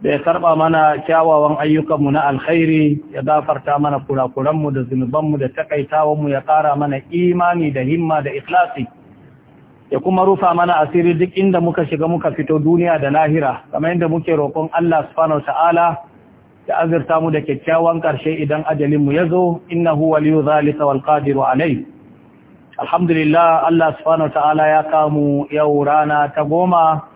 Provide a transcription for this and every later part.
da ya karba mana kyawawan ayyukanmu na alkhairi ya gafarta mana kurakuranmu da zunubanmu da takaitawanmu ya kara mana imani da himma da ikhlasi ya kuma rufa mana asiri duk inda muka shiga muka fito duniya da lahira kamar yadda muke roƙon Allah subhanahu ta'ala ya azurta mu da kyakkyawan ƙarshe idan ajalin mu yazo innahu waliyu zalika wal qadiru alai alhamdulillah Allah subhanahu ta'ala ya kamu yau rana ta goma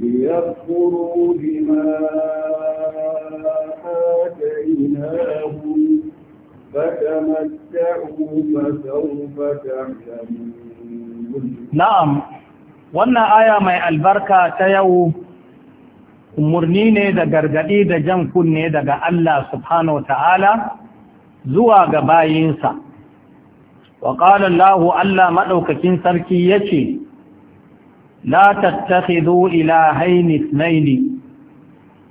ليكفروا بما فتمتعوا فسوف تعلمون نعم wannan aya mai albarka ta yau umarni ne da gargaɗi da jan kunne daga Allah subhanahu ta'ala zuwa ga bayinsa. Wa Allah maɗaukakin sarki ya ce, la tattakhidhu ilahaini ithnaini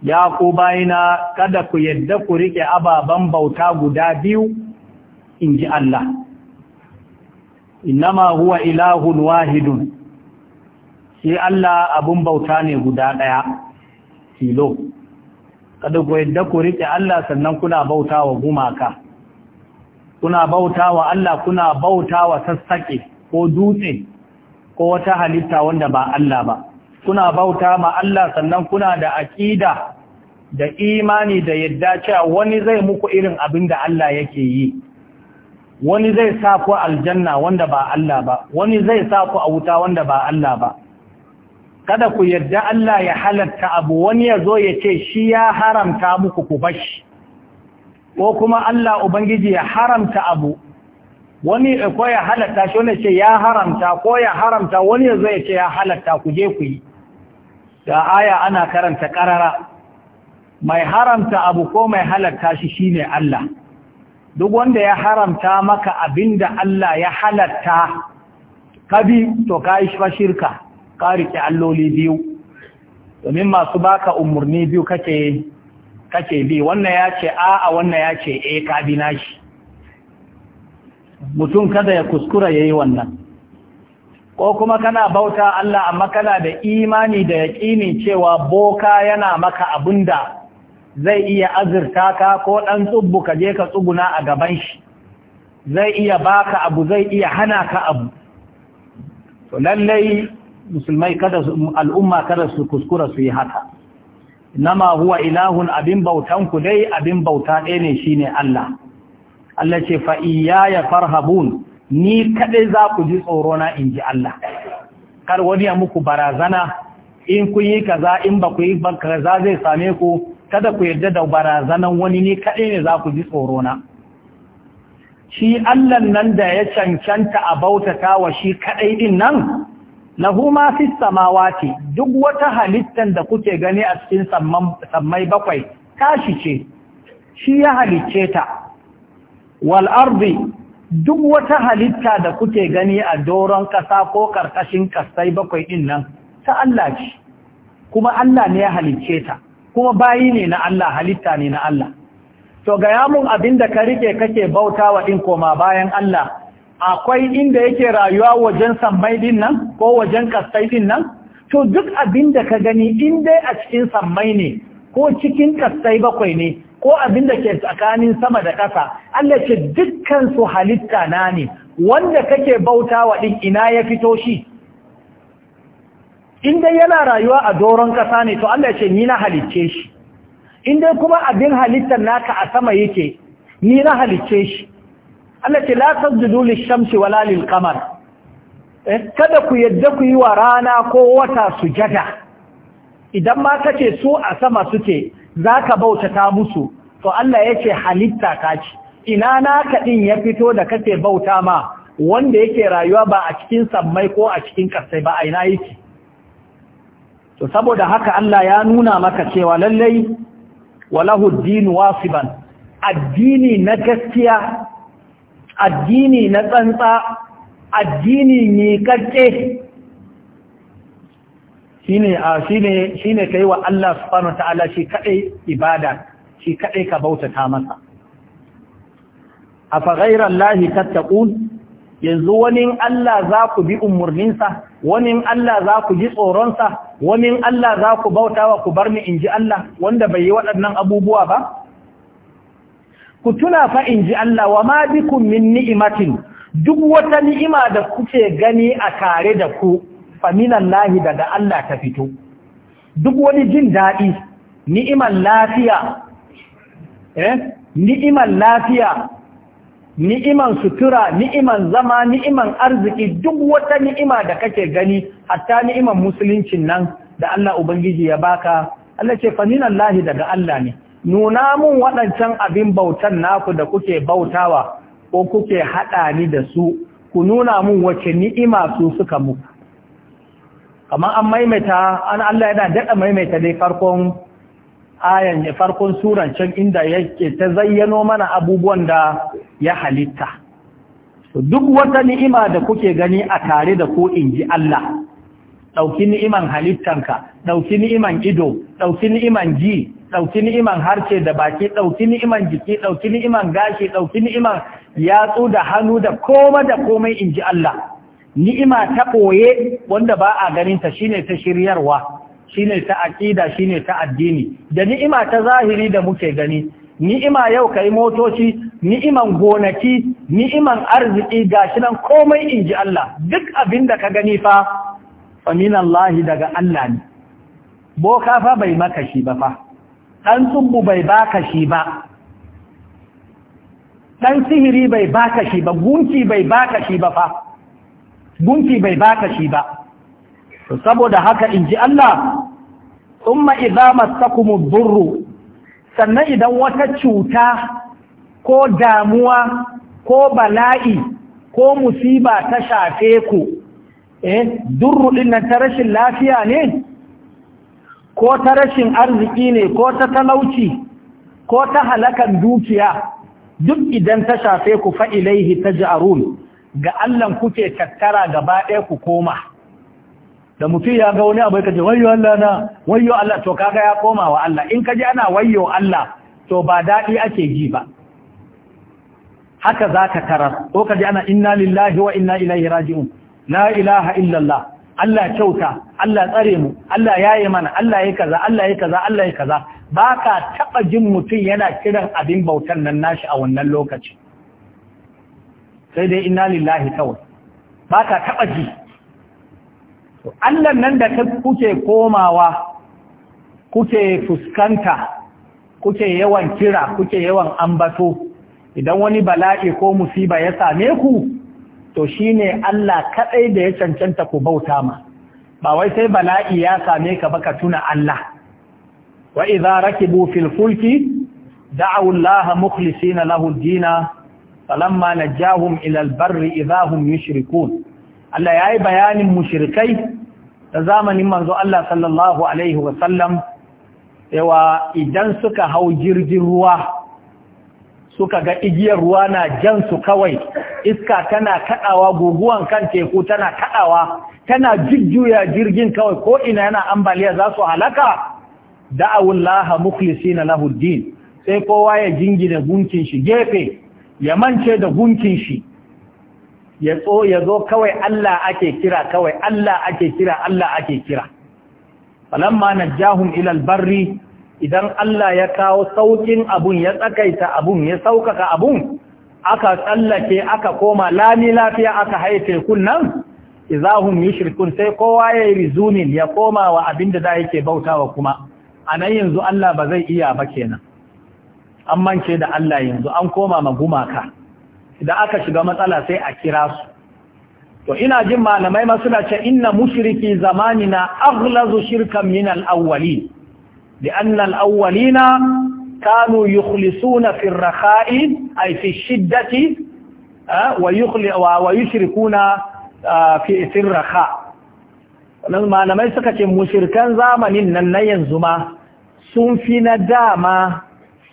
ya ko bayina kada ku yadda ku riƙe ababan bauta guda biyu inji Allah innama huwa ilahun wahidun shi Allah abun bauta ne guda daya tilo kada ku yadda ku rike Allah sannan kuna bauta wa gumaka kuna bauta wa Allah kuna bauta wa sassaƙe ko dutse ko wata halitta wanda ba Allah ba kuna bauta ma Allah sannan kuna da aƙida da imani da yadda cewa wani zai muku irin abin da Allah yake yi wani zai sa ku aljanna wanda ba Allah ba wani zai sa ku a wuta wanda ba Allah ba kada ku yadda Allah ya halatta abu wani ya zo ya ce shi ya haramta muku ku bashi ko kuma Allah Ubangiji ya haramta abu wani ko ya halatta shi wani ce ya haramta ko ya haramta wani yanzu ya ce ya halatta ku je ku yi da aya ana karanta karara mai haramta abu ko mai halatta shi shine Allah duk wanda ya haramta maka abinda Allah ya halatta kabi to ka yi shirka ka rike alloli biyu domin masu baka umurni biyu kake kake bi wannan ya ce a'a wannan ya ce eh ka bi nashi mutum kada ya kuskura ya yi wannan ko kuma kana bauta Allah amma kana da imani da yaƙini cewa boka yana maka da zai iya azurta ka ko ɗan tsubbu ka je ka tsuguna a gaban shi zai iya baka abu zai iya hana ka abu to lallai musulmai kada al'umma kada su kuskura su yi haka nama huwa ilahun abin bautanku dai abin bauta ɗaya ne shine Allah Allah ce fa iyaya farhabun ni kadai za ku ji tsoro na ji Allah kar wani ya muku barazana in kun yi kaza in ba ku yi kaza zai same ku kada ku yarda da barazanan wani ni kadai ne za ku ji tsoro na shi Allah nan da ya cancanta a bautata wa shi kadai din nan lahu ma fi samawati duk wata halittar da kuke gani a cikin sammai bakwai tashi ce shi ya halicce ta wal duk wata halitta da kuke gani a doron ƙasa ko ƙarƙashin ƙasai bakwai ɗin nan ta Allah ce kuma Allah ne ya halicce ta kuma bayi ne na Allah halitta ne na Allah to ga yamun abin da ka rike kake bautawa ɗin koma bayan Allah akwai inda yake rayuwa wajen sammai ɗin nan ko wajen ƙasai ɗin nan to duk abin da ka gani in dai a cikin sammai ne ko cikin ƙasai bakwai ne ko abin da ke tsakanin sama da ƙasa Allah ce dukkan halitta na ne wanda kake bauta wa ɗin ina ya fito shi in dai yana rayuwa a doron ƙasa ne to Allah ce ni na halicce shi in kuma abin halittar naka a sama yake ni na halicce shi Allah ce la tasjudu lish-shamsi wa lalil kamar. Eh, kada ku yadda ku yi wa rana ko wata su jada. idan ma kace su a sama suke za ka bautata musu to Allah ya ce halitta ka ci ina naka ɗin ya fito da kake bauta ma wanda yake rayuwa ba a cikin sammai ko a cikin ƙasai ba a ina yake to saboda haka Allah ya nuna maka cewa lallai walahu dinu wasiban addini na gaskiya addini na tsantsa addini ne miƙaƙƙe shine a shine shine kai wa Allah subhanahu wataala shi kadai ibada shi kadai ka bautata masa afa ghayra allahi tattaqun yanzu wani Allah za ku bi umarninsa, wani Allah za ku ji tsoronsa wani Allah za ku bautawa ku barni in inji Allah wanda bai yi waɗannan abubuwa ba ku tuna fa inji Allah wa ma bikum min ni'matin duk wata ni'ima da kuke gani a tare da ku faminan lahi daga Allah ta fito duk wani jin daɗi ni'iman lafiya eh ni'iman lafiya ni'iman sutura ni'iman zama ni'iman arziki duk wata ni'ima da kake gani hatta ni'iman musuluncin nan da Allah ubangiji ya baka Allah ce faminan lahi daga Allah ne nuna mun waɗancan abin bautan naku da kuke bautawa ko kuke haɗa ni da su ku nuna mun wace ni'ima su suka muku kamar an maimaita an Allah yana daɗa maimaita dai farkon ayan farkon suran can inda yake ta zayyano mana abubuwan da ya halitta duk wata ni'ima da kuke gani a tare da ko in ji Allah ɗauki ni'iman halittanka ɗauki ni'iman ido ɗauki ni'iman ji ɗauki ni'iman harce da baki ɗauki ni'iman jiki ɗauki ni'iman gashi ɗauki ni'iman yatsu da hannu da koma da komai in ji Allah ni'ima ta ɓoye wanda ba a ganinta shine ta shiryarwa shine ta aƙida shine ta addini da ni'ima ta zahiri da muke gani ni'ima yau kai motoci ni'iman gonaki ni'iman arziki gashi nan komai ji Allah duk abin da ka gani fa faminallahi daga Allah ne boka fa bai maka shi ba fa ɗan tsubbu bai baka shi ba ɗan sihiri bai baka shi ba gunki bai baka shi ba fa gunki bai baka shi ba to saboda haka in ji Allah umma idza masakum durru sannan idan wata cuta ko damuwa ko bala'i ko musiba ta shafe ku eh durru din nan ta rashin lafiya ne ko ta rashin arziki ne ko ta talauci ko ta halakan dukiya duk idan ta shafe ku fa ilaihi taj'arun ga Allah kuke tattara gaba ɗaya ku koma da mutum ya ga wani abu kaje wayyo Allah na wayyo Allah to kaga ya koma wa Allah in kaje ana wayyo Allah to ba dadi ake ji ba haka zaka tarar ko kaje ana inna lillahi wa inna ilaihi raji'un la ilaha illa Allah Allah kyauta Allah tsare mu Allah yayi mana Allah yayi kaza Allah yayi kaza Allah yayi kaza baka taba jin mutum yana kiran abin bautan nan nashi a wannan lokacin. sai dai inna lillahi kawai ba ka taɓa ji Allah nan da kuke komawa kuke fuskanta kuke yawan kira kuke yawan ambato idan wani bala'i ko musiba ya same ku to shine Allah kaɗai da ya cancanta ku bauta ma ba wai sai bala'i ya same ka ba ka tuna Allah wa idza rakibu fil fulki da'u Allah mukhlisina lahu dina falamma najahum ila albarri idahum yushrikun Allah yayi bayanin mushrikai da zamanin manzo Allah sallallahu alaihi wa sallam yawa idan suka hau jirgin ruwa suka ga igiyar ruwa na jan su kawai iska tana kadawa guguwan kan teku tana kadawa tana jujjuya jirgin kawai ko ina yana ambaliya za su halaka da'awullaha mukhlisina lahu din sai kowa ya jingina gunkin shi gefe ya mance da gunkin shi ya tso ya zo kawai Allah ake kira kawai Allah ake kira Allah ake kira falamma najjahum ila albarri idan Allah ya kawo saukin abun ya tsakaita abun ya saukaka abun aka tsallake aka koma lami lafiya aka haife kunnan izahum yushrikun sai kowa yayi rizumin ya koma wa abinda da yake bautawa kuma anan yanzu Allah ba zai iya ba kenan an mance da Allah yanzu an koma ma gumaka idan aka shiga matsala sai a kira su to ina jin malamai ma suna cewa inna mushriki zamanina aghlazu shirkan min al-awwalin لأن الأولين كانوا يخلصون في wa أي في الشدة ويشركون في الرخاء malamai suka ce mushirkan zamanin nan na yanzu ma sun fi na dama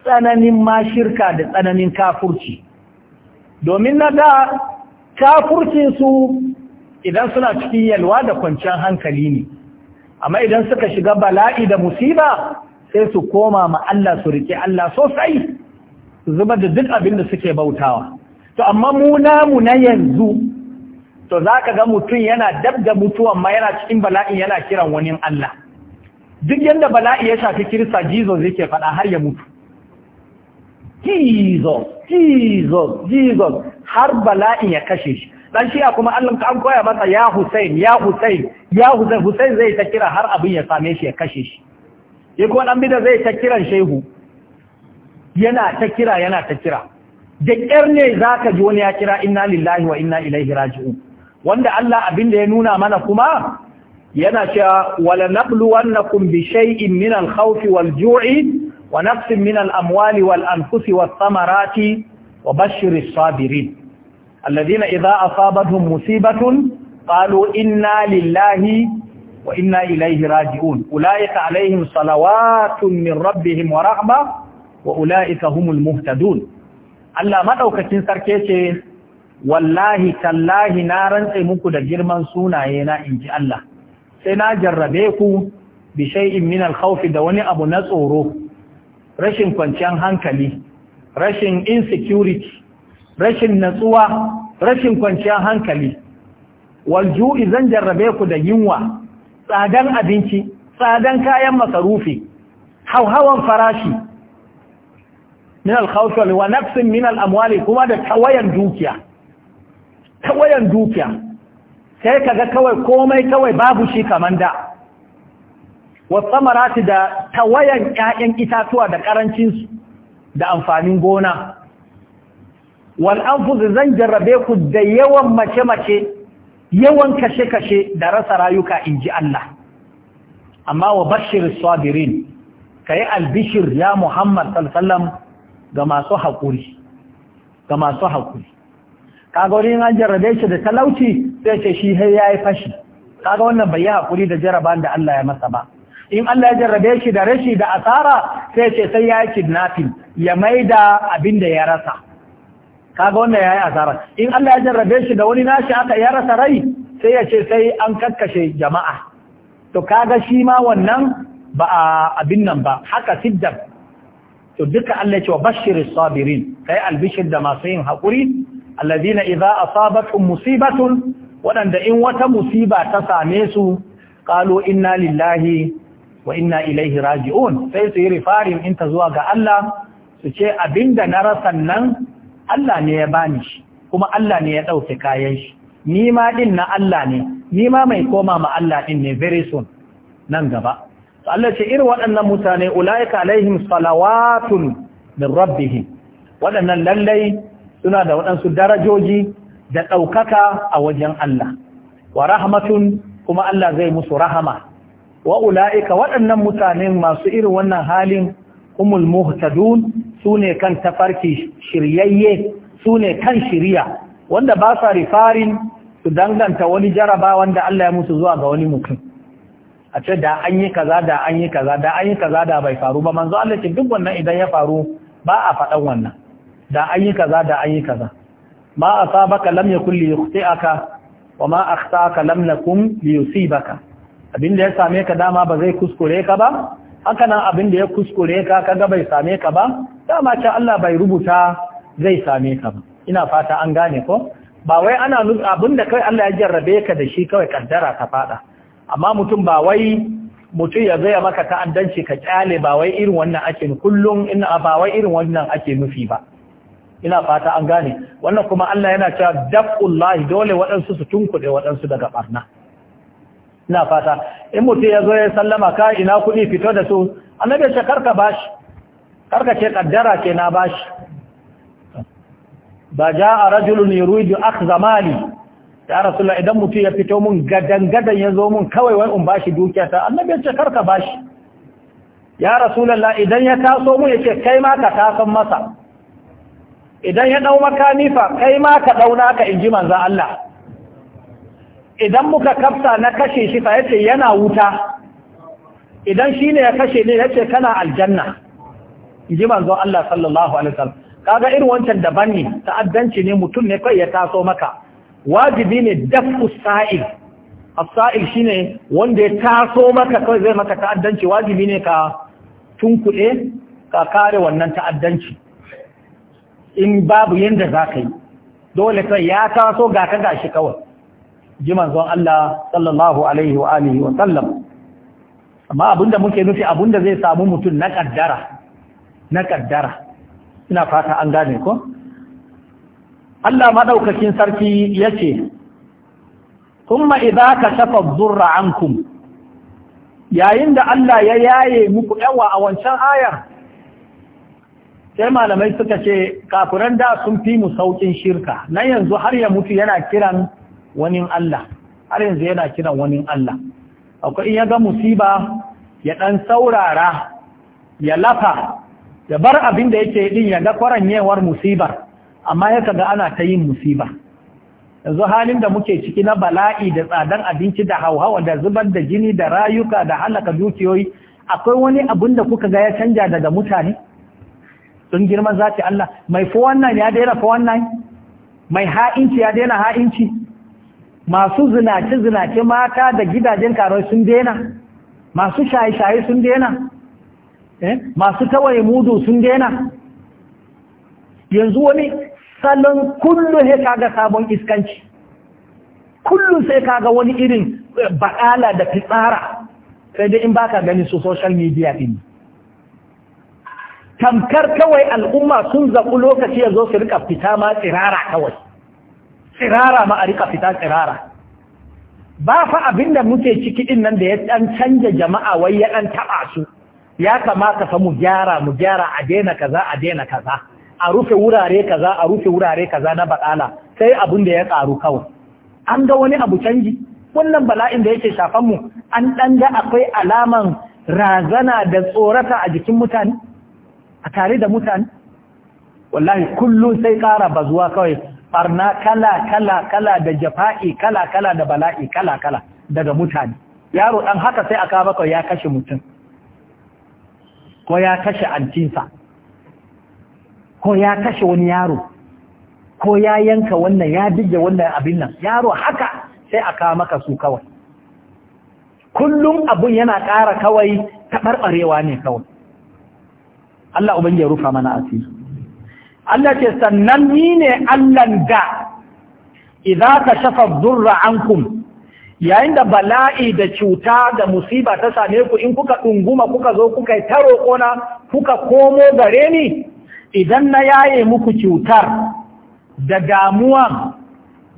tsananin mashirka da tsananin kafurci domin na da kafurcinsu idan suna cikin yalwa da kwanciyar hankali ne amma idan suka shiga bala'i da musiba sai su koma ma Allah su riƙe Allah sosai su zuba da duk abin da suke bautawa to amma mu namu na yanzu to za ka ga mutum yana dab da mutuwan ma yana cikin bala'i yana kiran wani Allah duk yadda bala'i ya shafi kirista jizo zai ke faɗa har ya mutu Jesus Jesus Jesus har bala'in ya kashe shi dan shi kuma Allah ka an koya masa ya Hussein ya Hussein ya Hussein Hussein zai ta kira har abin ya same shi ya kashe shi ya kuma dan bida zai ta kiran shehu yana ta kira yana ta kira da ƙyar ne zaka ji wani ya kira inna lillahi wa inna ilaihi raji'un wanda Allah abin da ya nuna mana kuma yana cewa wala nabluwannakum bi shay'in min al-khawfi wal-ju'i wa nafsin min al'amwali wal anfusi was samarati wa bashiris sabirin alladhina idza asabatuhum musibatun qalu inna lillahi wa inna ilaihi raji'un ulaika alaihim salawatun min rabbihim wa rahma wa ulaika humul muhtadun Allah maɗaukacin sarki ce wallahi tallahi na rantse muku da girman sunaye na inji Allah sai na jarrabe ku bi shay'in min al da wani abu na tsoro rashin kwanciyar hankali rashin insecurity rashin natsuwa rashin kwanciyar hankali walju'i zan jarrabe ku da yunwa tsadan abinci tsadan kayan masarufi hauhawan farashi min alkhawfal wa nafsin min al'amwali kuma da tawayan dukiya tawayan dukiya sai kaga kawai komai kawai babu shi kaman da marati da tawayan 'ya'yan itatuwa da ƙarancinsu da amfanin gona wal anfuz zan jarrabe ku da yawan mace mace yawan kashe kashe da rasa rayuka in ji Allah amma wa bashir sabirin yi albishir ya Muhammad sallallahu ga masu haƙuri ga masu haƙuri kaga an jarrabe shi da talauci sai ce shi har yi fashi kaga wannan bai yi haƙuri da jarraban da Allah ya masa ba in Allah ya jarrabe shi da rashi da asara sai ce sai ya yi kidnapping ya maida abin da ya rasa kaga wanda ya yi asara in Allah ya jarrabe shi da wani nashi aka ya rasa rai sai ya ce sai an kakkashe jama'a to kaga shi ma wannan ba a abin nan ba haka siddam to duka Allah ya ce wa bashirin sabirin kai albishir da masu yin haƙuri allazina idza asabatkum musibatun waɗanda in wata musiba ta same su qalu inna lillahi wa inna ilaihi raji'un sai su yi rifarin in ta zuwa ga Allah su ce abinda na rasan nan Allah ne ya bani shi kuma Allah ne ya ɗauke kayan shi ni ma din na Allah ne ni ma mai koma ma Allah din ne very soon nan gaba to Allah ce irin waɗannan mutane ulaika alaihim salawatun min rabbihim waɗannan lallai suna da waɗansu darajoji da ɗaukaka a wajen Allah wa rahmatun kuma Allah zai musu rahama wa ula'ika waɗannan mutane masu irin wannan halin umul muhtadun su ne kan tafarki shiryayye su ne kan shirya wanda ba sa rifarin su danganta wani jaraba wanda Allah ya musu zuwa ga wani mutum a ce da an yi kaza da an yi kaza da an yi kaza da bai faru ba manzo Allah ce duk wannan idan ya faru ba a faɗan wannan da an yi kaza da an yi kaza ma asabaka lam yakul li yukhti'aka wa ma akhtaka lam nakum li yusibaka abinda ya same ka dama ba zai kuskure ka ba haka nan abinda ya kuskure ka kaga bai same ka ba dama ce Allah bai rubuta zai same ka ba ina fata an gane ko ba wai ana abinda kai Allah ya jarrabe ka da shi kawai kaddara ta fada amma mutum ba wai mutum ya zai maka ta'addanci ka kyale ba wai irin wannan ake kullum ina ba wai irin wannan ake nufi ba ina fata an gane wannan kuma Allah yana cewa daqullahi dole waɗansu su tunkuɗe waɗansu daga barna ina fata in mutum ya zo ya sallama ka ina kuɗi fito da su annabi ce karka bashi karka ce kaddara ce na bashi ba ja a rajulun yuridu akhza mali ya rasulullah idan mutum ya fito mun gadan gadan ya zo mun kawai wai in bashi dukiya ta annabi ce karka bashi ya rasulullah idan ya taso mun yace kai ma ka tasan masa idan ya dau makanifa kai ma ka dauna ka inji manzo Allah idan muka kafsa na kashe shi fa yace yana wuta idan shi ya kashe ne yace kana aljanna inji manzo Allah sallallahu alaihi wasallam kaga irin wancan daban ne ta'addanci ne mutum ne kai ya taso maka wajibi ne dafu sa'il as-sa'il shine wanda ya taso maka kai zai maka ta'addanci wajibi ne ka tunkuɗe ka kare wannan ta'addanci in babu yanda za yi dole sai ya taso ga ka gashi kawai ji manzon Allah sallallahu alaihi wa alihi wa sallam amma abinda muke nufi abinda zai samu mutum na kaddara na kaddara ina fata an gane ko Allah madaukakin sarki yace kuma idza kashafa dhurra ankum yayin da Allah ya yaye muku yawa a wancan ayar sai malamai suka ce kafiran da sun fi mu saukin shirka nan yanzu har ya mutu yana kiran wani Allah har yanzu yana kiran wani Allah akwai in ya ga musiba ya dan saurara ya lafa ya bar abin da yake din ya ga kwaranyewar musibar amma ya ga ana ta yin musiba yanzu halin da muke ciki na bala'i da tsadan abinci da hauhawa da zubar da jini da rayuka da halaka dukiyoyi akwai wani abin da kuka ga ya canja daga mutane don girman zati Allah mai fi wannan ya daina fi wannan mai ha'inci ya daina ha'inci masu zinace-zinace mata da gidajen karuwa sun dena masu shaye-shaye sun dena eh? masu tawaye mudu sun dena yanzu wani salon kullu sai kaga sabon iskanci kullum sai kaga wani irin eh, baƙala da fitsara sai dai in ba ka gani su social media din tamkar kawai al'umma sun zaɓi lokaci ya zo su rika fita ma tsirara kawai tsirara ma a rika fita tsirara ba fa abin muke ciki din nan da ya ɗan canja jama'a wai ya dan taba su ya kamata fa mu gyara mu gyara a daina kaza a daina kaza a rufe wurare kaza a rufe wurare kaza na baƙala sai abin da ya karu kawai an ga wani abu canji wannan bala'in da yake shafan mu an dan ga akwai alaman razana da tsorata a jikin mutane a tare da mutane wallahi kullum sai ƙara bazuwa kawai barna kala kala kala da jafa'i kala kala da bala'i kala kala daga mutane yaro dan haka sai aka maka ya kashe mutum ko ya kashe antinsa ko ya kashe wani yaro ko ya yanka wannan ya dige wannan abin nan yaro haka sai aka maka su kawai kullum abun yana ƙara kawai taɓarɓarewa ne kawai Allah ubangiji ya rufa mana asiri Allah ce sannan ni ne Allahn da idza ka shafa durra ankum yayin da bala'i da cuta da musiba ta same ku in kuka dunguma kuka zo kuka yi taro kona kuka komo gare ni idan na yaye muku cutar da damuwa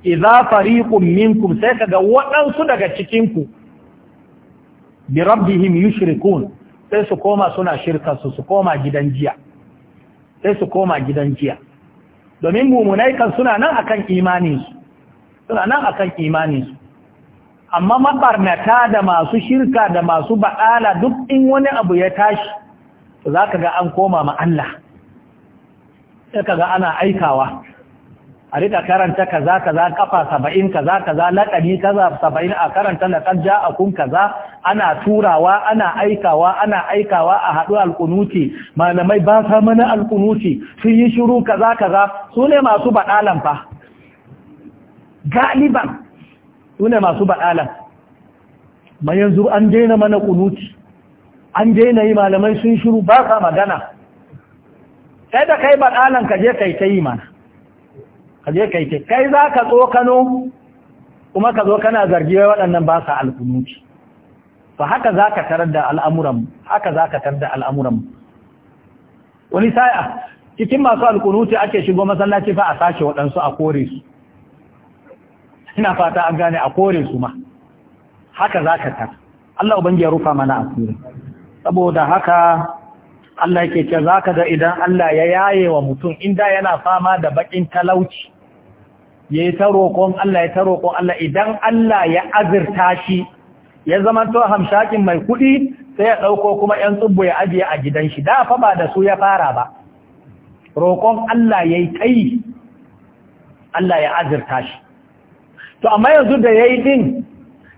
idza fariqun minkum sai ka ga waɗansu daga cikin ku bi rabbihim yushrikun sai su koma suna shirka su koma gidan jiya sai su koma gidan jiya domin mummunai kan suna nan akan imaninsu suna nan akan imaninsu amma mabarnata da masu shirka da masu ba'ala duk in wani abu ya tashi za ka ga an koma ma Allah sai ka ga ana aikawa a rika karanta kaza kaza kafa saba'in kaza kaza laƙani kaza saba'in a karanta kan ja'akun kaza ana turawa ana aikawa ana aikawa a haɗu alƙunuti malamai ba sa mana alƙunuti sun yi shiru kaza kaza su ne masu baɗalan fa galiban su ne masu baɗalan ma yanzu an daina mana ƙunuti an daina yi malamai sun shiru ba sa magana sai da kai baɗalan ka je kai ta yi mana ka kai ce kai za ka tsokano kuma ka zo kana zargi wai waɗannan ba sa alkunuci fa haka za ka tarar da al'amuran haka za ka tarar da al'amuran wani sa'a cikin masu alkunuci ake shigo masallaci fa a sace waɗansu a kore su ina fata an gane a kore su ma haka za ka tar Allah ubangi ya rufa mana asiri saboda haka Allah yake ce zaka ga idan Allah ya yaye wa mutum inda yana fama da bakin talauci ya yi ta roƙon Allah ya ta roƙon Allah idan Allah ya azirta shi ya zama to hamshakin mai kuɗi sai ya ɗauko kuma ‘yan tsubbo ya ajiye a gidan shi da fa ba da su ya fara ba roƙon Allah ya yi kai Allah ya azirta shi to amma yanzu da ya yi din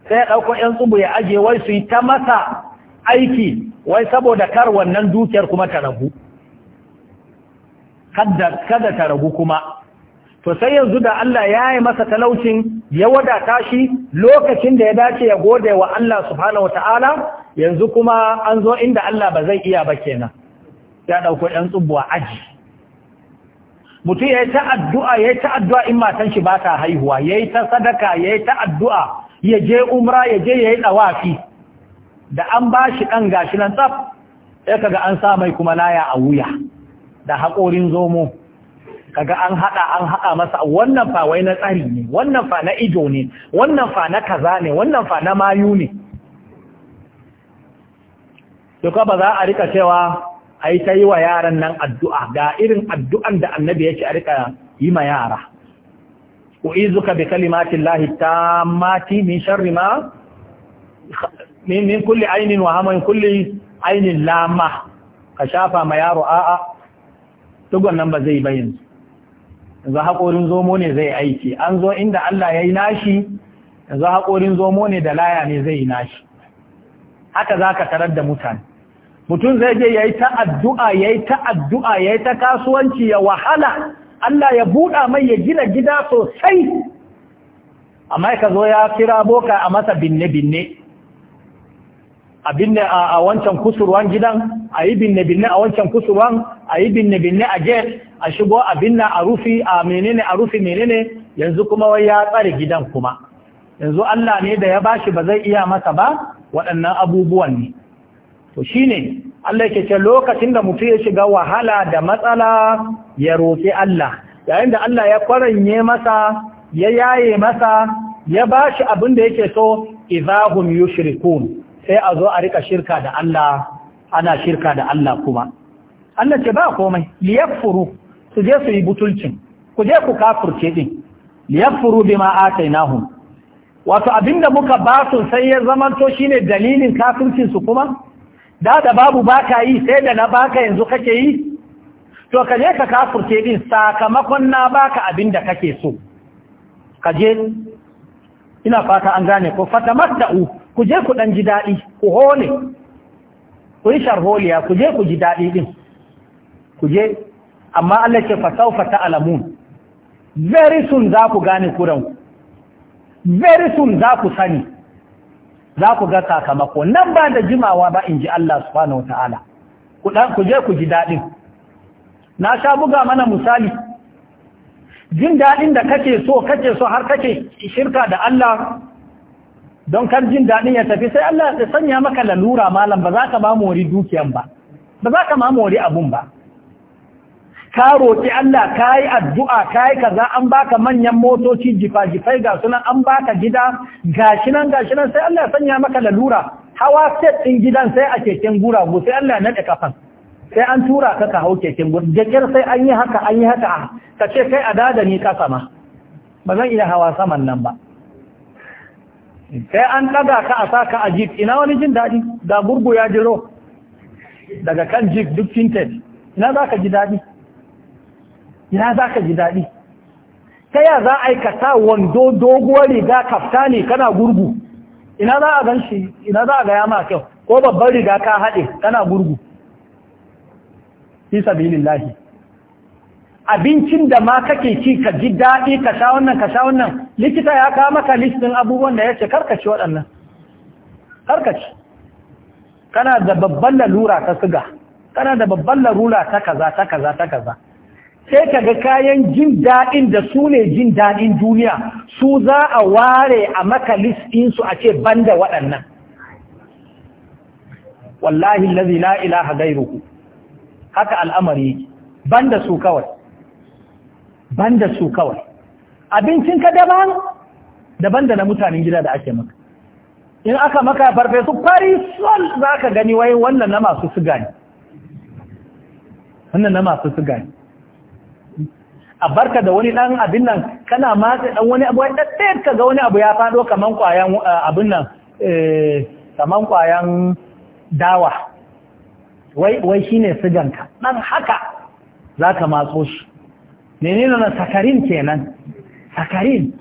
sai ya ɗauko ‘yan tsubbo ya ajiye wai su yi ta masa aiki wai saboda kar wannan dukiyar kuma ta ragu kada ta ragu kuma to sai yanzu da Allah ya yi masa talaucin ya wadata shi lokacin da ya dace ya gode wa Allah subhanahu wa ta'ala) yanzu kuma an zo inda Allah ba zai iya ba kenan ya dauko ɗan tsubuwa aji mutum ya yi ta addu'a ya yi ta addu'a in matan shi ba ta haihuwa ya yi ta sadaka ya yi ta addu'a ya je umra ya je ya yi ɗawafi da an ba shi ɗan gashi nan tsaf ya kaga an sa mai kuma laya a wuya da haƙorin zomo kaga an haɗa an haɗa masa wannan fa wai na tsari ne wannan fa na ido ne wannan fa na kaza ne wannan fa na mayu ne duka ba za a rika cewa a yi ta yi wa yaran nan addu'a ga irin addu'an da annabi ya ce a rika yi ma yara u'izuka bi kalimatin lahi ta mati min sharri ma min kulli ainihin wa hamayin kulli ainihin lama ka shafa ma yaro a'a tugon nan ba zai bayyana yanzu haƙorin zomo ne zai aiki an zo inda Allah ya yi nashi yanzu haƙorin zomo ne da laya ne zai yi nashi haka za ka tarar da mutane mutum zai je ya yi ta'addu'a ya yi ta'addu'a ya yi ta kasuwanci ya wahala Allah ya buɗa mai ya gina gida sosai amma ka zo ya kira boka a masa binne-binne a binne a wancan kusurwan gidan a yi binne-binne a wancan kusurwan a yi binne-binne a get, a shigo a binne a rufi a menene a rufi menene yanzu kuma wai ya tsare gidan kuma yanzu Allah ne da ya bashi ba zai iya masa ba waɗannan abubuwan ne to shine Allah yake ce lokacin da mutum ya shiga wahala da matsala ya roƙi Allah yayin da Allah ya kwaranye masa ya yaye masa ya bashi abin da yake so idahum yushrikun sai a zo a rika shirka da Allah ana shirka da Allah kuma Allah ce ba komai liyafuru su je su yi butulcin ku je ku kafurce din liyafuru bima atainahum wato abinda muka ba su sai ya zamanto shine dalilin kafircin kuma da da babu baka yi sai da na baka yanzu kake yi to ka je ka kafurce ɗin sakamakon na baka abinda kake so ka je ina fata an gane ko fata matta'u ku je ku ɗan ji daɗi ku hole ku yi sharholiya ku je ku ji daɗi ɗin ku je amma Allah ce fasau fata alamun very soon za ku gane kuranku very soon za ku sani za ku ga sakamako nan ba da jimawa ba in ji Allah subhanahu ta'ala ku je ku ji daɗin na sha buga mana misali jin daɗin da kake so kake so har kake shirka da Allah don kar jin daɗin ya tafi sai Allah ya sanya maka lalura malam ba za ka ba dukiyan ba ba za ka ma abun ba ka roƙi Allah ka yi addu'a ka yi kaza an baka manyan motoci jifa-jifai ga sunan an baka gida gashi nan gashi nan sai Allah ya sanya maka lalura hawa set ɗin gidan sai a keken guragu sai Allah ya naɗe kafan sai an tura ka ka hau keken gura. jakir sai an yi haka an yi haka ka ce kai a dada ni ka sama ba zan iya hawa saman nan ba sai an ɗaga ka a sa ka a jif ina wani jin daɗi da gurgu ya jiro daga kan jif duk tinted ina za ka ji daɗi ina za ka ji daɗi ta ya za a aikata wando doguwar riga kafta ne kana gurgu ina za a gan shi ina za a ga yama kyau ko babban riga ka haɗe kana gurgu fi lahi abincin da ma kake ci ka ji daɗi ka sha wannan ka sha wannan likita ya kawo maka listin abubuwan da ya ce karkaci waɗannan karkaci kana da babban lalura ta suga. kana da babban lalura ta kaza ta kaza ta kaza sai ka ga kayan jin daɗin da su ne jin daɗin duniya su za a ware a maka su a ce banda waɗannan wallahi lazi la ilaha gairuhu haka al'amari banda su kawai da su kawai abincin ka daban daban da na mutanen gida da ake maka in aka maka su fari sol za ka gani wai wannan na masu su ne wannan na masu su ne a barka da wani ɗan abin nan kana matsa ɗan wani abu wadda ɗaya ka ga wani abu ya faɗo kamar ƙwayan abin nan eh, kamar ƙwayan dawa wai shi ne ganka ɗan haka za ka matso shi ne na sakarin kenan sakarin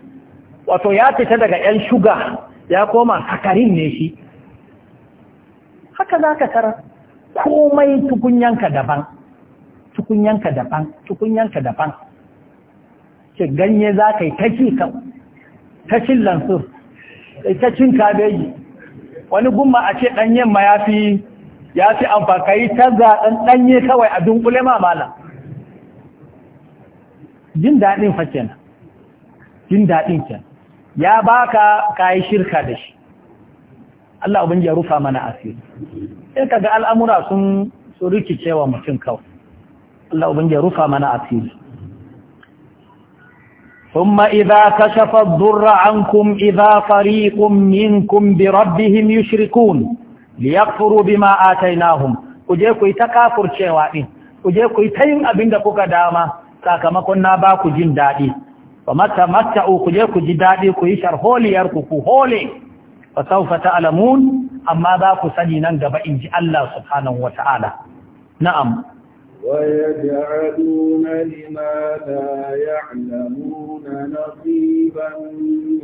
wato ya fita daga yan shuga ya koma sakarin ne shi haka za ka tara komai tukunyanka daban tukunyanka daban tukunyanka daban ce ganye za ka yi ta ci kan ta cin lansur ta kabeji wani gumma a ce ɗanyen ma ya fi ya ta zaɗen ɗanye kawai a dunkule mamala jin daɗin fa na, jin daɗin kenan ya baka kayi shirka da shi Allah abin ya rufa mana asiri sai kaga al'amura sun sun cewa mutum kawai Allah abin ya rufa mana asiri ثم إذا كشف الضر عنكم إذا فريق منكم بربهم يشركون ليكفروا بما آتيناهم yi يتكافر شيئا abin يتين kuka dama. sakamakon na ba ku jin daɗi fa mata mata ku je ku ji daɗi ku yi sharholiyar ku ku hole fa sawfa ta'lamun amma ba ku sani nan gaba in ji Allah subhanahu wata'ala na'am ويجعلون لما لا يعلمون نصيبا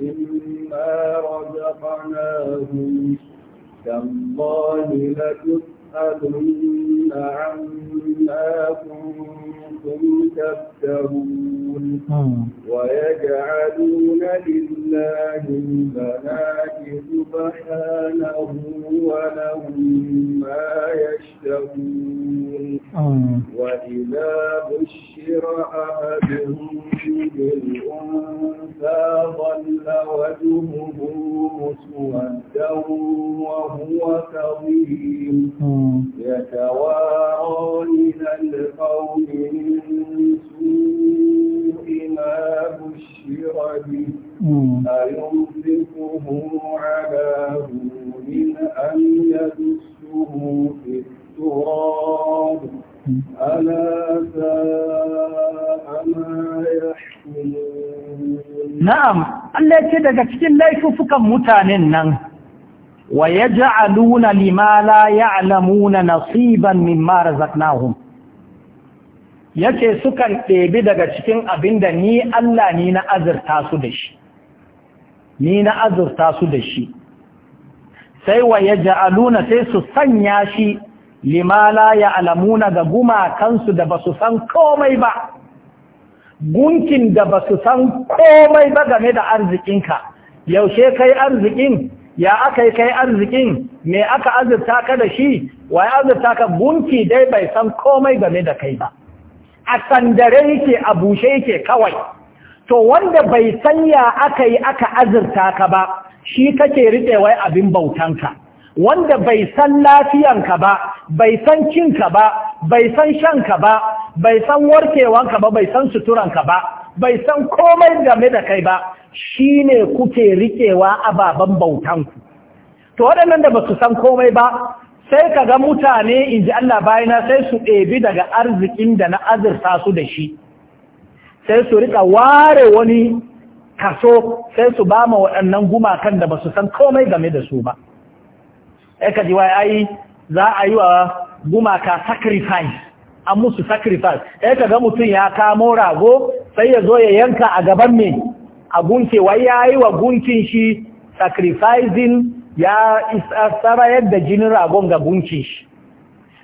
مما رزقناهم تالله لتسألن يسألون عما كنتم تفترون ويجعلون لله البنات سبحانه ولهم ما يشتهون وإذا بشر أحدهم بالأنثى موسى ظل وجهه مسودا وهو كظيم يتوارى من القوم من سوء ما بشر به أيمسكه على هون أم يدسه في التراب Na’am, Allah ya daga cikin laifufukan mutanen nan, wa ya ji aluna limala ya alamuna nasiban mimar zaknahun. Ya ce sukan ɗebi daga cikin abin da ni Allah ni na azurta su da shi. Ni na azurta su da shi. Sai wa ya ji aluna sai su sanya shi limala ya alamuna ga gumakansu da ba su san komai ba gunkin da ba su san komai ba game da arzikinka yaushe kai arzikin ya aka yi kai arzikin me aka azurta ka da shi wa azurta ka gunki dai bai san komai game da kai ba a sandare yake a bushe yake kawai to wanda bai san ya aka yi aka azurta ka ba shi kake riƙe wai abin bautanka wanda bai san lafiyanka ba bai san cinka ba bai san shanka ba bai san warkewanka ba bai san suturanka ba bai san komai game da kai ba shine kuke rikewa ababen bautanku to waɗannan da ba su san komai ba sai ka ga mutane in ji Allah bayana sai su ɗebi daga arzikin da na azurta su da shi sai su rika ware wani kaso sai su ba ma waɗannan gumakan da ba su san komai game da su ba ka ji wai ai za a yi wa gumaka sacrifice an musu sacrifice sai ka ga mutum ya kamo rago sai ya zo ya yanka a gaban me a gunke wai ya yi wa gunkin shi sacrificing ya sarayar da jinin ragon ga gunkin shi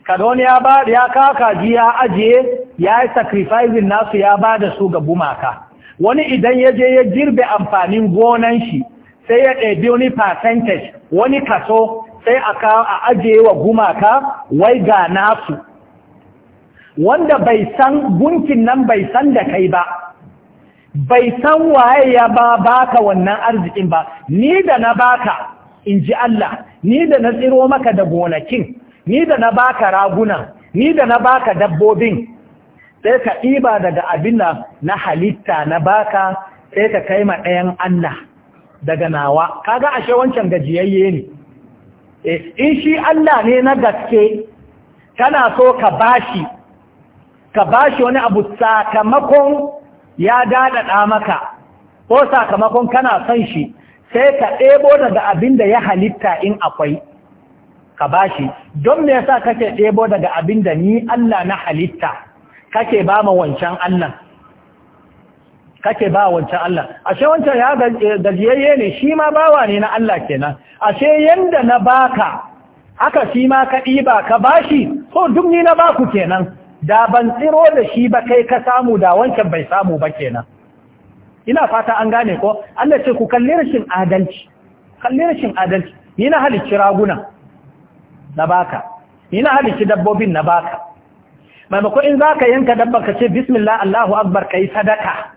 kaga wani ya ba ya kaji ya ajiye ya yi sacrificing nasu ya ba da su ga gumaka wani idan ya je ya girbe amfanin gonan shi sai ya ɗabi wani percentage wani kaso sai a ajiye wa gumaka wai ga nasu wanda bai san gunkin nan bai san da kai ba bai san waye ya ba baka wannan arzikin ba ni da na baka in ji Allah ni da na tsiro maka da gonakin ni da na baka raguna ni da na baka dabbobin sai ka ɗiba daga abin na halitta na baka sai ka kai ma ɗayan Allah daga nawa kaga ashe wancan gajiyayye ne Eh, in shi Allah ne na gaske kana so ka bashi ka bashi wani abu sakamakon ya daɗaɗa maka ko sakamakon kana son shi sai ka ɗebo daga abin da ya halitta in akwai ka bashi don me yasa kake ɗebo daga abin da ni Allah na halitta kake ba ma wancan Allah kake ba wancan Allah ashe wancan ya eh, gajiyayye ne shi ma bawa ne na Allah kenan ashe yanda na baka haka shi ma ka ɗiba ka bashi so duk ni na baku kenan da ban tsiro da shi ba kai ka samu da wancan bai samu ba kenan ina fata an gane ko Allah ce ku kalli rashin adalci kalli rashin adalci ni na halicci raguna na baka ni na halicci dabbobin na baka maimako in za ka yanka dabba ka ce bismillah Allahu akbar ka yi sadaka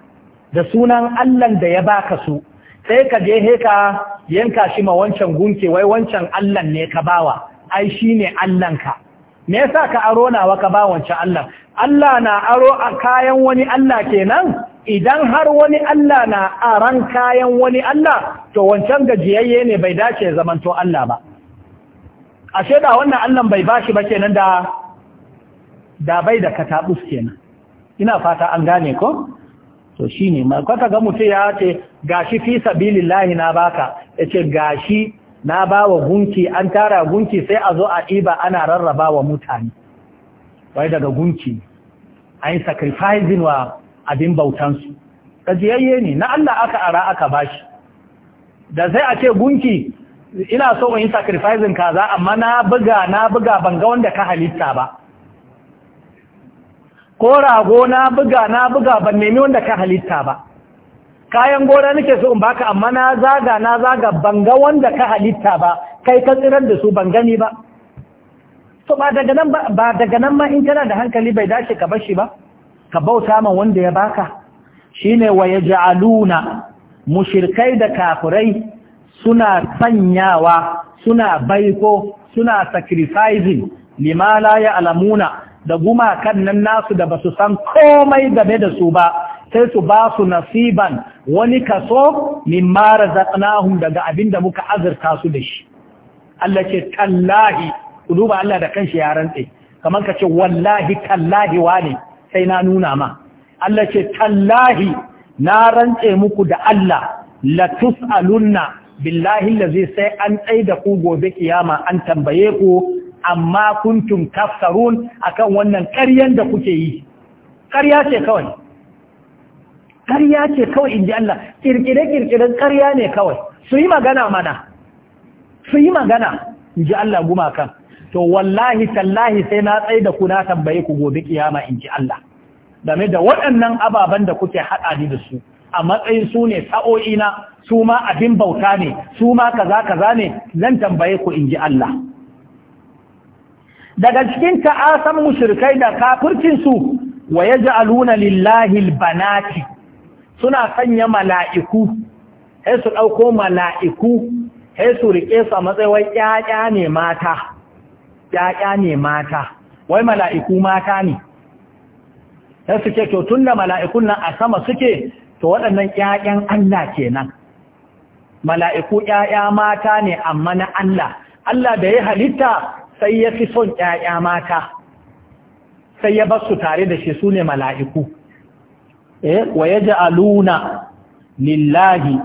da sunan Allahn da ya baka su sai ka je heka yanka shi ma wancan gunke wai wancan Allahn ne ka bawa ai shine ka. me yasa ka aro nawa ka ba wancan Allah Allah na aro a kayan wani Allah kenan idan har wani Allah na aran kayan wani Allah to wancan gajiyayye ne bai dace zaman zamanto Allah ba ashe da wannan Allah bai bashi ba kenan da da bai da katabus kenan ina fata an gane ko to shi ne kwata ga mutum ya ce gashi fi sabilillahi na baka ya ce gashi na bawa gunki an tara gunki sai a zo a ɗiba ana rarraba wa mutane wai daga gunki ayi yi sacrificing wa abin bautansu gajiyayye ne na Allah aka ara aka bashi da sai a ce gunki ina so in sacrificing kaza amma na buga na buga ban ga wanda ka halitta ba ko rago na buga na buga ban nemi wanda ka halitta ba kayan gona nake so in baka amma na zaga na zaga ban ga wanda ka halitta ba kai ka tsirar da su ban gani ba to ba daga nan ba ma in kana da hankali bai dace ka bashi ba ka bauta ma wanda ya baka shine wa yaj'aluna mushrikai da kafirai suna sanyawa suna baiko suna sacrificing lima la ya'lamuna da gumakan nan nasu da basu san komai game da su ba sai su ba su nasiban wani kaso min mara razaqnahum daga abinda muka azurta su da shi Allah ce tallahi duba Allah da kanshi ya rantse kamar ka ce wallahi tallahi wani sai na nuna ma Allah ce tallahi na rantse muku da Allah la tus'alunna billahi allazi sai an tsaida ku gobe kiyama an tambaye ku amma kuntum tafsarun akan wannan ƙaryan da kuke yi ƙarya ce kawai ƙarya ce kawai inji Allah kirkire-kirkiren ƙarya ne kawai su yi magana mana su yi magana inji Allah gumakan to wallahi tallahi sai na tsaye da ku na tambaye ku gobe kiyama inji Allah game da waɗannan ababen da kuke haɗa ni da su a matsayin su ne sa'o'ina su ma abin bauta ne su ma kaza kaza ne zan tambaye ku inji Allah daga cikin ta'asan mushrikai da kafircinsu wa ya lillahi banati suna sanya mala'iku sai su ɗauko mala'iku sai su riƙe su a matsayawar ƴaƴa ne mata ƴaƴa ne mata wai mala'iku mata ne sai su ce to tunda mala'ikun nan a sama suke to waɗannan ƴaƴan Allah kenan mala'iku ƴaƴa mata ne amma na Allah Allah da ya halitta sai ya fi son ƴaƴa mata sai ya basu tare da shi sune mala'iku eh wa ya aluna lillahi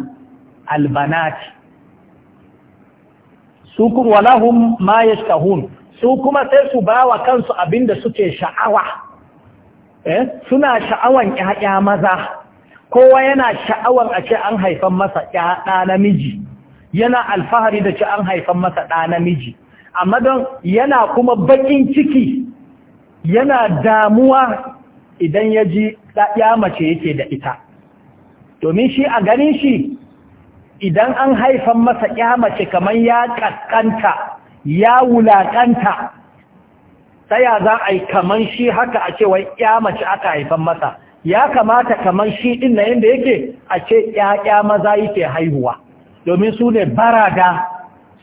albanati su kuma walahun ma shahun su kuma sai su bawa kansu abinda suke sha'awa eh suna sha'awan ƴaƴa maza kowa yana sha'awan a ce an haifan masa ɗa namiji yana alfahari da ce an haifan masa ɗa namiji amma don yana kuma bakin ciki yana damuwa idan ya ji ya mace yake da ita domin shi a ganin shi idan an haifan masa ya mace kamar ya ya wulaƙanta, ta ya za a yi kamar shi haka a cewa ya mace aka haifan masa ya kamata kamar shi ɗin na yadda yake a ce ya maza yake haihuwa domin su ne barada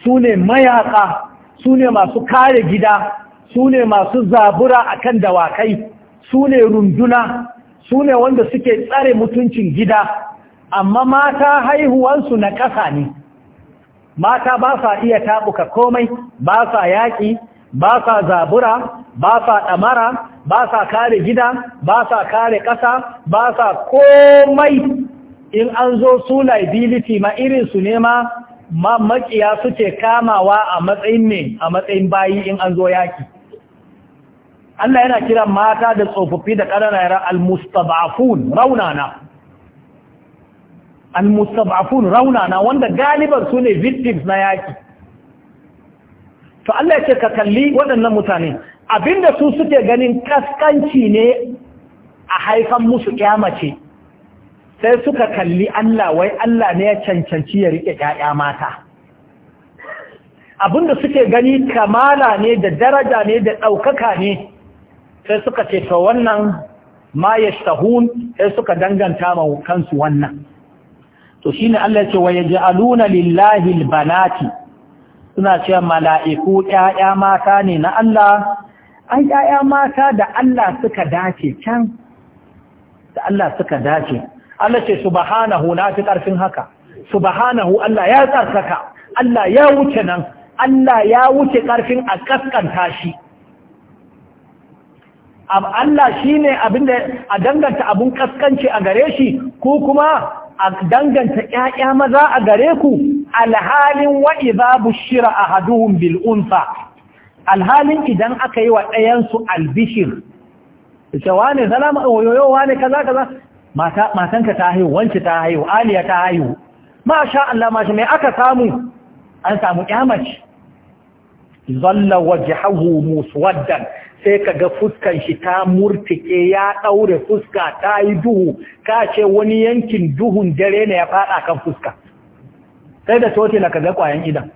su ne mayaƙa su ne masu kare gida su ne masu zabura a kan dawakai su ne runduna su ne wanda suke tsare mutuncin gida amma mata haihuwansu na ƙasa ne mata ba sa iya taɓuka komai ba sa yaƙi ba sa zabura ba sa ɗamara ba sa kare gida ba sa kare ƙasa ba sa komai in an zo su liability ma irinsu ne ma ma makiya suke kamawa a matsayin ne a matsayin bayi in an zo yaki Allah yana kiran mata da tsofaffi da ƙanana yara al-mustab'afun raunana al-mustab'afun raunana wanda galiban su ne victims na yaki to Allah ya ka kalli waɗannan mutane abinda su suke ganin kaskanci ne a haifan musu kyamace sai suka kalli Allah wai Allah ne ya cancanci ya riƙe ƴaƴa mata. Abin da suke gani kamala ne da daraja ne da ɗaukaka ne, sai suka ce, to wannan ma ya sai suka danganta ma kansu wannan. To shi ne Allah ce, waye aluna lillahi banati, suna ce mala'iku ƴaƴa mata ne na Allah, an ƴaƴa mata da Allah suka dace can, da Allah suka dace. Allah ce subhanahu na fi ƙarfin haka subhanahu Allah ya tsarkaka Allah ya wuce nan Allah ya wuce ƙarfin a ƙasƙanta shi Allah shi ne abinda a danganta abun kaskanci a gare shi ko kuma a danganta ‘ya'ya maza a gare ku alhalin wai wa'iza shira a haduhun bil'unsa alhalin idan aka yi wa ɗayensu albishir cewa ne zalama oyoyowa ne kaza kaza matanka ta haihu wanci ta haihu aliya ta haihu ma sha Allah ma shi mai aka samu an samu kyamaci zalla wajhahu muswaddan sai kaga fuskan shi ta murtike ya ɗaure fuska ta yi duhu ka ce wani yankin duhun dare ne ya fada kan fuska sai da tote na kaga kwayan idan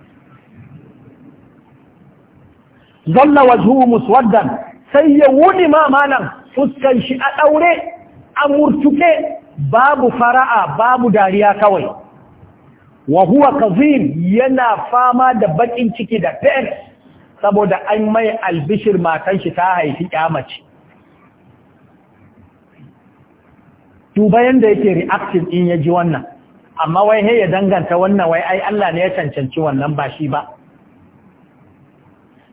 zalla wajhuhu muswaddan sai ya wuni ma malam fuskan shi a ɗaure. a babu fara'a babu dariya kawai wa huwa kazim yana fama da bakin ciki da fes saboda an mai albishir matan shi ta haifi kyamace duba yanda yake reaction in ya ji wannan amma wai he ya danganta wannan wai ai Allah ne ya cancanci wannan ba shi ba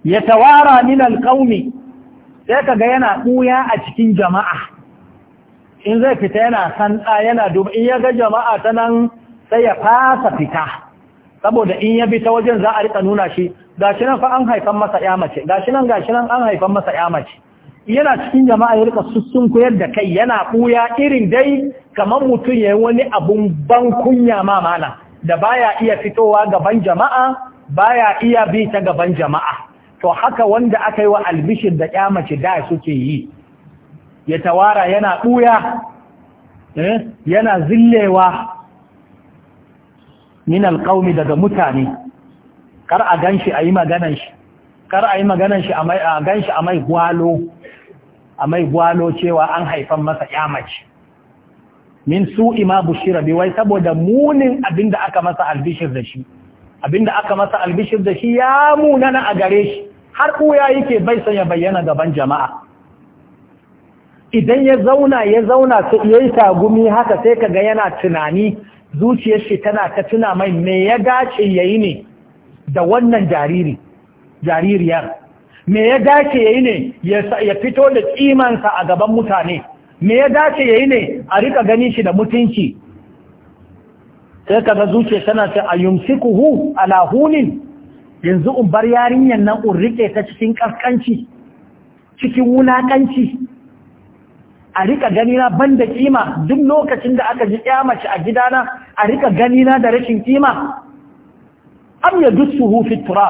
ya tawara min alqaumi sai kaga yana buya a cikin jama'a in zai fita yana sanda yana duba in ya ga jama'a ta nan sai ya fasa fita saboda in ya bi ta wajen za a riƙa nuna shi gashi nan fa an haifan masa ya mace gashi nan gashi nan an haifan masa ya mace yana cikin jama'a ya riƙa sussun koyar da kai yana buya irin dai kamar mutum ya yi wani abun ban kunya ma mana da baya iya fitowa gaban jama'a baya iya bi ta gaban jama'a to haka wanda aka yi wa albishir da mace da suke yi ya tawara yana ɓuya eh, yana zillewa min alƙaumi daga mutane kar a gan shi a yi maganan kar a yi maganan a gan shi a mai gwalo a mai gwalo cewa an haifan masa yamaci min su ima bushira bi wai saboda munin abinda aka masa albishir da shi abinda aka masa albishir da shi ya munana a gare shi har ɓuya yake bai son ya bayyana gaban jama'a idan ya zauna ya zauna ya yi tagumi haka sai kaga yana tunani zuciyar shi tana ta tuna mai me ya dace ya yi ne da wannan jariri jaririyar me ya dace ya yi ne ya fito da tsimansa a gaban mutane me ya dace ya yi ne a rika gani shi da mutunci sai kaga zuciyar tana ta ayyumsikuhu hu lahunin? yanzu in bar yarinyar nan in rike ta cikin kaskanci cikin wulakanci a rika ganina ban da kima duk lokacin da aka ji kyamace a gidana a rika ganina da rashin kima am ya dutsu fi tura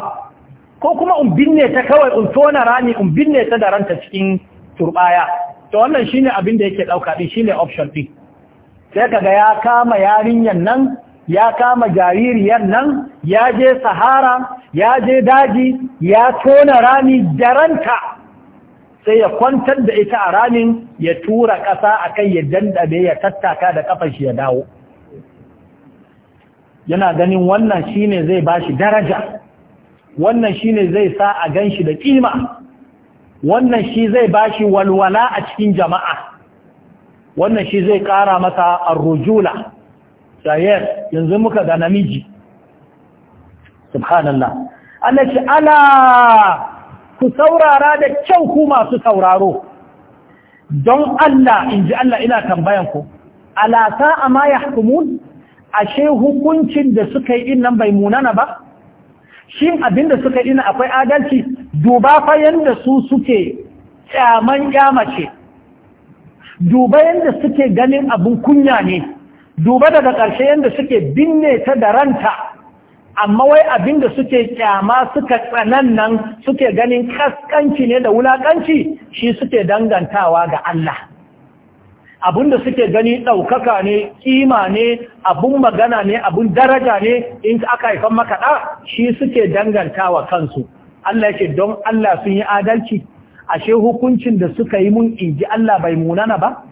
ko kuma in binne ta kawai in tona rami in binne ta daranta cikin turbaya to wannan shine abin da yake dauka din shine option din sai kaga ya kama yarinyar nan ya kama jaririyar nan ya je sahara ya je daji ya tona rami da sai ya kwantar da ita a ramin ya tura ƙasa a kai ya dandabe ya tattaka da ƙafar shi ya dawo yana ganin wannan shine zai ba shi daraja wannan shine zai sa a gan shi da ƙima wannan shi zai ba shi walwala a cikin jama'a wannan shi zai ƙara masa arrujula shayar yanzu muka ga namiji subhanallah Allah ce ala ku saurara da kyau ku masu sauraro don Allah in ji Allah ina tambayan ku alasa a ma ya hukumun ashe hukuncin da suka yi nan bai munana ba shin abinda suka yi akwai adalci duba fa yanda su suke kyaman kyamace duba yanda suke ganin abun kunya ne duba daga ƙarshe yanda suke binne ta da ranta amma wai abin da suke kyama suka tsanannan suke ganin kaskanci ne da wulakanci shi suke dangantawa ga Allah abin da suke gani ɗaukaka ne kima ne abin magana ne abin daraja ne in aka haifan makaɗa shi suke dangantawa kansu Allah ce don Allah sun yi adalci ashe hukuncin da suka yi mun inji Allah bai munana ba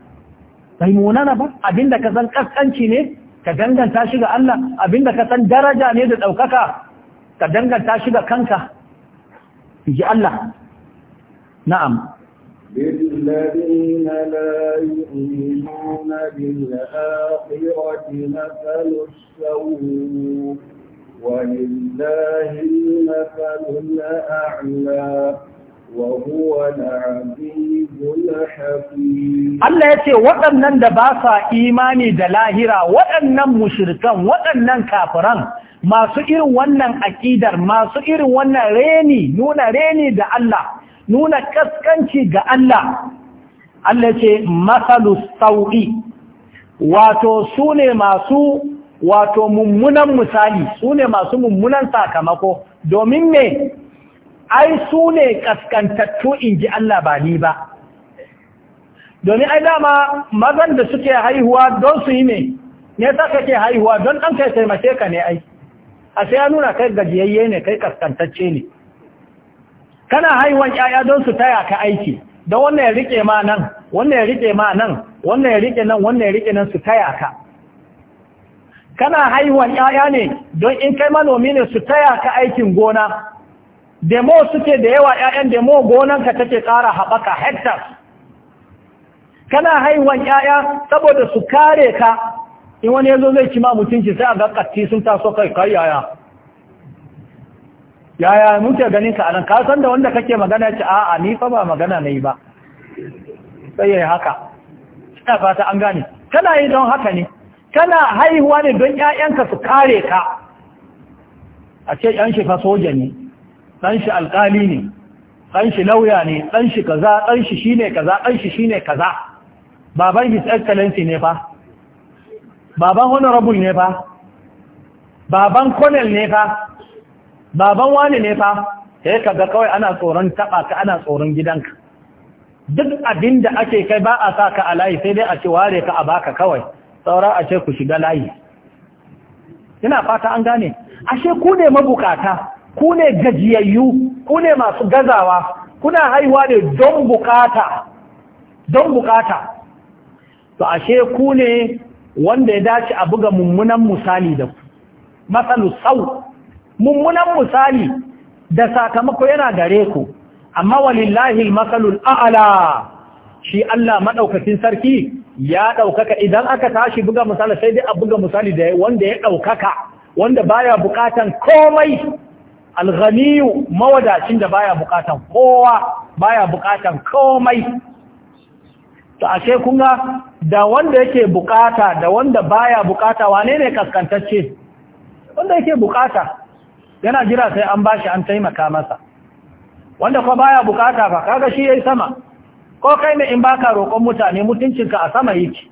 bai munana ba abinda ka san kaskanci ne ka danganta shi ga Allah abinda ka san daraja ne da ɗaukaka ka danganta shi ga kanka ji Allah na'am للذين لا يؤمنون بالآخرة مثل السوء ولله المثل الأعلى Allah ya ce waɗannan da ba sa imani da lahira waɗannan mushirkan waɗannan kafiran masu irin wannan aƙidar masu irin wannan reni nuna reni da Allah nuna kaskanci ga Allah Allah ya ce matsalu sau'i wato su ne masu wato mummunan misali su ne masu mummunan sakamako domin me ai su ne kaskantattu in ji Allah ba ni ba domin ai dama mazan da suke haihuwa don su yi ne ne ta kake haihuwa don ɗan kai taimake ka ne ai a sai ya nuna kai gajiyayye ne kai kaskantacce ne kana haihuwan ƴaƴa don su taya ka aiki don wannan ya rike ma nan wannan ya rike ma nan wannan ya rike nan wannan ya rike nan su taya ka kana haihuwan ƴaƴa ne don in kai manomi ne su taya ka aikin gona demo suke da yawa 'ya'yan demo gonanka take ƙara haɓaka hectares kana haihuwan 'ya'ya saboda su kare ka in wani ya zo zai ci ma mutunci sai a ga katti sun taso kai kai yaya yaya muke ganin ka anan ka san da wanda kake magana ce a'a ni fa ba magana yi ba sai yayi haka ina fata an gane kana yi don haka ne kana haihuwa ne don 'ya'yanka su kare ka a ce 'yan shi fa soja ne ɗan shi alƙali ne ɗan shi lauya ne ɗan shi kaza ɗan shi shine kaza ɗan shi shine kaza baban his excellency ne fa baban honorable ne fa baban colonel ne fa baban wani ne fa sai kaga kawai ana tsoron taba ka ana tsoron gidanka duk abinda ake kai ba a sa ka a layi sai dai a ce ware ka a baka kawai saura a ce ku shiga layi ina fata an gane ashe ku ne mabukata ku ne gajiyayyu ku ne masu gazawa kuna haihuwa ne don bukata don bukata to ashe ku ne wanda ya dace a buga mummunan misali da ku matsalu sau mummunan misali da sakamako yana gare ku amma walillahi masalul a'ala shi Allah maɗaukacin sarki ya ɗaukaka idan aka tashi buga misali sai dai a buga misali da wanda ya ɗaukaka wanda baya bukatan komai alghaniyu mawadacin da baya bukatan kowa baya bukatan komai to ashe kun ga da wanda yake bukata da wanda baya bukata wane ne kaskantacce wanda yake bukata yana jira sai an bashi an taimaka masa wanda kuma baya bukata fa kaga shi yayi sama ko kai ne in baka roƙon mutane mutuncinka a sama yake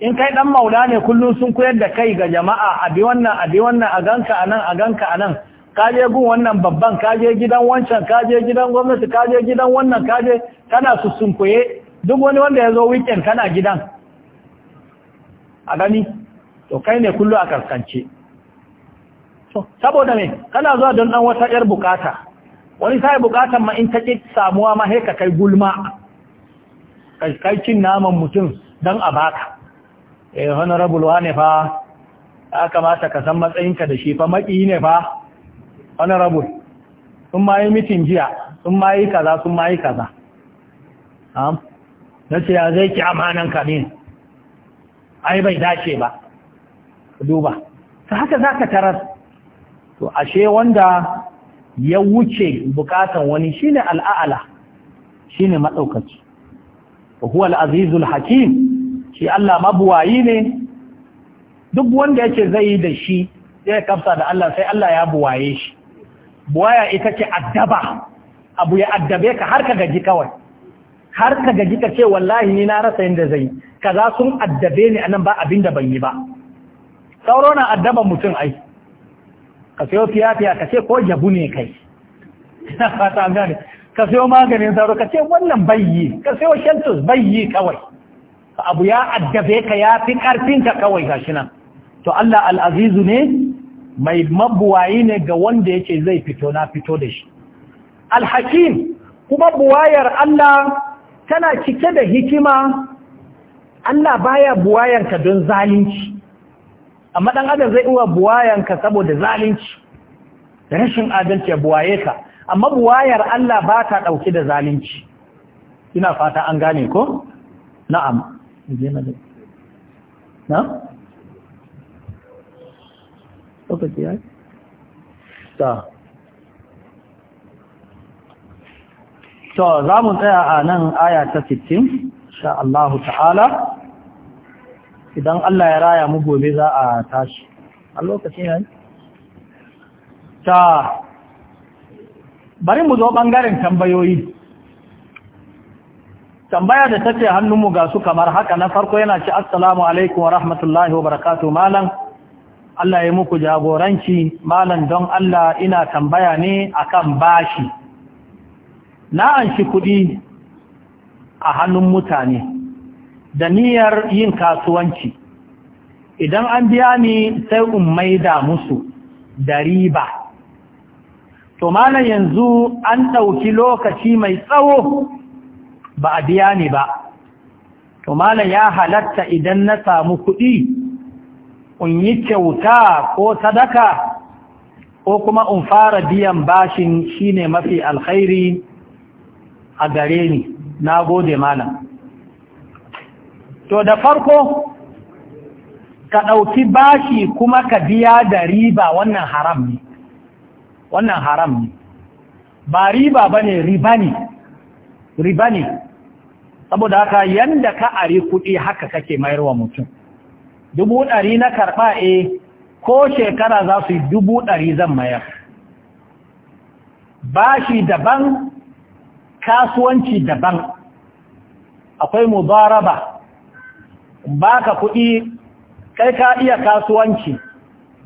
in kai dan maula ne kullun sun koyar da kai ga jama'a abi wannan abi wannan a ganka anan a ganka anan kaje gun wannan babban kaje gidan wancan kaje gidan gwamnati kaje gidan wannan kaje kana sunkuye duk wani wanda ya zo weekend kana gidan a gani to kai ne kullu a karkance saboda ne kana zuwa don dan wata yar bukata wani sai bukatan ma in ta ki samuwa ma sai ka kai gulma kai kai cin naman mutum dan a baka eh honorable wane fa ya kamata ka san matsayinka da shi fa maki ne fa honorable sun ma yi mitin jiya sun ma yi kaza sun ma yi kaza na ce ya zai ki amanan ka ne ai bai dace ba duba ta haka za ka tarar to ashe wanda ya wuce bukatan wani shine al'a'ala shine maɗaukaci huwa al'azizul hakim shi Allah mabuwayi ne duk wanda yake zai yi da shi zai kafsa da Allah sai Allah ya buwaye shi buwaya ita ce addaba abu ya addabe ka har ka gaji kawai har ka gaji ka ce wallahi ni na rasa yadda zai ka za sun addabe ni anan ba abin da ban yi ba sauro na addaban mutum ai ka sayo fiya-fiya ka ce ko jabu ne kai fata gane ka sayo maganin sauro ka ce wannan bayyi ka sayo bai bayyi kawai abu ya addabe ka ya fi karfinka kawai gashi nan to Allah al'azizu ne mai mabuwayi ne ga wanda yake zai fito na fito da shi alhakim kuma buwayar Allah tana cike da hikima Allah baya buwayanka don zalunci amma dan adam zai uwa buwayanka saboda zalunci da rashin adalci ya buwaye ka amma buwayar Allah ba ta dauke da zalunci ina fata an gane ko na'am na'am sauƙaƙe ya ta to za mu tsaya a nan aya ta 60 sha Allah ta'ala idan Allah ya raya mu gobe za a tashi a lokacin yi ta bari mu zo ɓangaren tambayoyi tambaya da tace hannunmu ga su kamar haka na farko yana ce assalamu alaikum wa rahmatullahi wa barakatuh malam Allah ya muku jagoranci malam don Allah ina tambaya ne akan bashi na an shi kuɗi a hannun mutane da niyyar yin kasuwanci idan an biya ni sai in maida musu da riba to malam yanzu an ɗauki lokaci mai tsawo ba a biya ni ba to malam ya halatta idan na samu kuɗi in yi kyauta ko sadaka ko kuma in fara biyan bashin shine mafi alkhairi a gare ni na gode malam to da farko ka ɗauki bashi kuma ka biya da riba wannan haram ne wannan haram ne ba riba ba ne riba ne saboda haka yanda ka ari kuɗi haka kake mayarwa mutum dubu ɗari na karɓa e ko shekara za su yi dubu ɗari zan mayar bashi daban kasuwanci daban akwai mu Ba baka kuɗi kai ka iya kasuwanci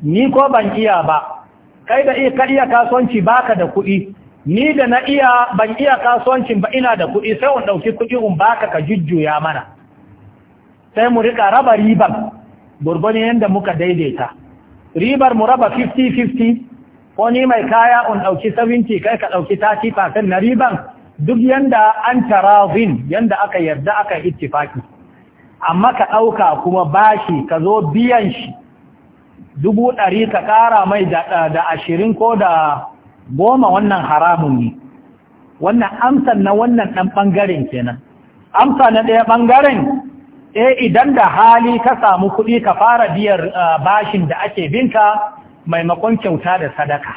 ni ko ban iya ba kai da ka iya kasuwanci baka da kuɗi ni da na iya ban iya kasuwanci ba ina da kuɗi sai in ɗauki kuɗi un baka ka jujjuya mana sai mu riƙa raba riban ne yadda muka daidaita ribar mu raba 50-50 ko ni mai kaya un ɗauki 70 kai ka ɗauki 30% na riban duk yadda an tarazin yadda aka yarda aka ittifaki amma ka ɗauka kuma bashi ka zo biyan shi dubu dari ka kara mai da ashirin ko da goma wannan haramun ne wannan amsan na wannan ɗan ɓangaren kenan amsa na ɗaya bangaren eh idan da hali ka samu kuɗi ka fara biyar bashin da ake binka maimakon kyauta da sadaka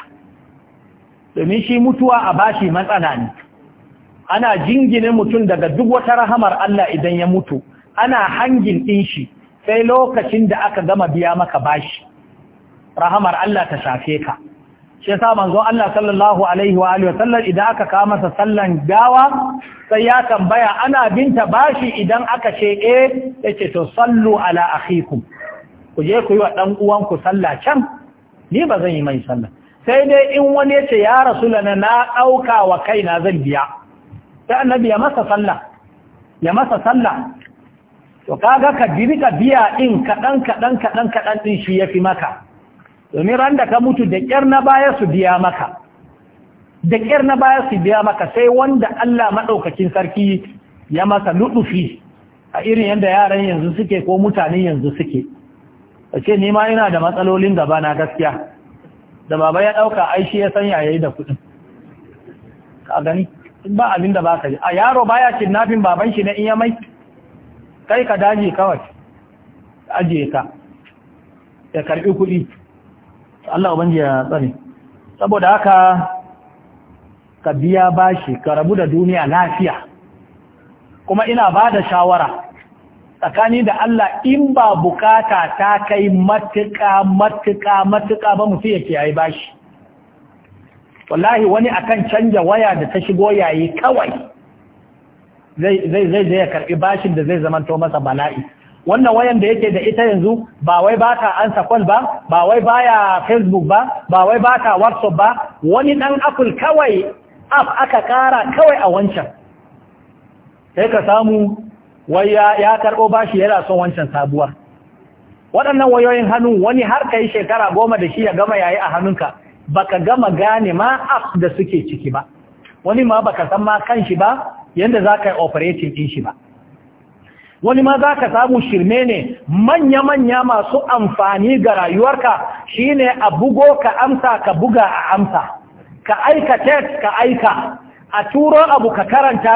domin shi mutuwa a bashi matsala ne ana jingine mutum daga duk wata rahamar Allah idan ya mutu ana hangin ɗin shi sai lokacin da aka gama biya maka bashi rahamar Allah ta shafe ka shi sa manzo Allah sallallahu alaihi wa wa sallar idan aka kama sa sallan gawa sai ya tambaya ana binta bashi idan aka ce eh yace to sallu ala akhikum ku je ku yi wa dan uwan ku sallah can ni ba zan yi mai sallah sai dai in wani yace ya rasulana na dauka wa kaina zan biya sai annabi ya masa sallah ya masa sallah to kaga ka ka biya in kadan kadan kadan kadan din shi yafi maka domin ran da ka mutu da kyar na baya su biya maka da ƙyar na baya su biya maka sai wanda Allah maɗaukakin sarki ya masa luɗufi a irin yadda yaran yanzu suke ko mutanen yanzu suke a ce nima ina da matsalolin gaba na gaskiya da baba ya ɗauka aishi ya san yayayi da kuɗin ka gani ba abin da ba ka ji a yaro baya kidnafin baban shi na iya mai kai ka daji kawai ajiye ka ya karɓi kuɗi Allah ubangi ya tsare saboda haka ka biya bashi ka rabu da duniya lafiya kuma ina ba da shawara tsakani da Allah in ba bukata ta kai matuƙa matuƙa matuƙa ba mutum ya kiyaye bashi wallahi wani akan canja waya da ta shigo yayi kawai zai zai zai ya karbi bashin da zai zamanto masa bala'i wannan wayan da yake da ita yanzu ba wai ba ta ansa call ba ba wai baya facebook ba ba wai ba whatsapp ba wani dan apple kawai af aka kara kawai a wancan sai ka samu waya ya karɓo bashi yana son wancan sabuwar waɗannan wayoyin hannu wani har ka yi shekara goma da shi ya gama yayi a hannunka baka gama gane ma af da suke ciki ba wani ma baka san ma kan shi ba yadda za ka yi operating ɗin shi ba wani ma za ka samu shirme ne manya-manya masu amfani ga rayuwarka shine a bugo ka amsa ka buga a amsa ka aika text ka aika a turo abu ka karanta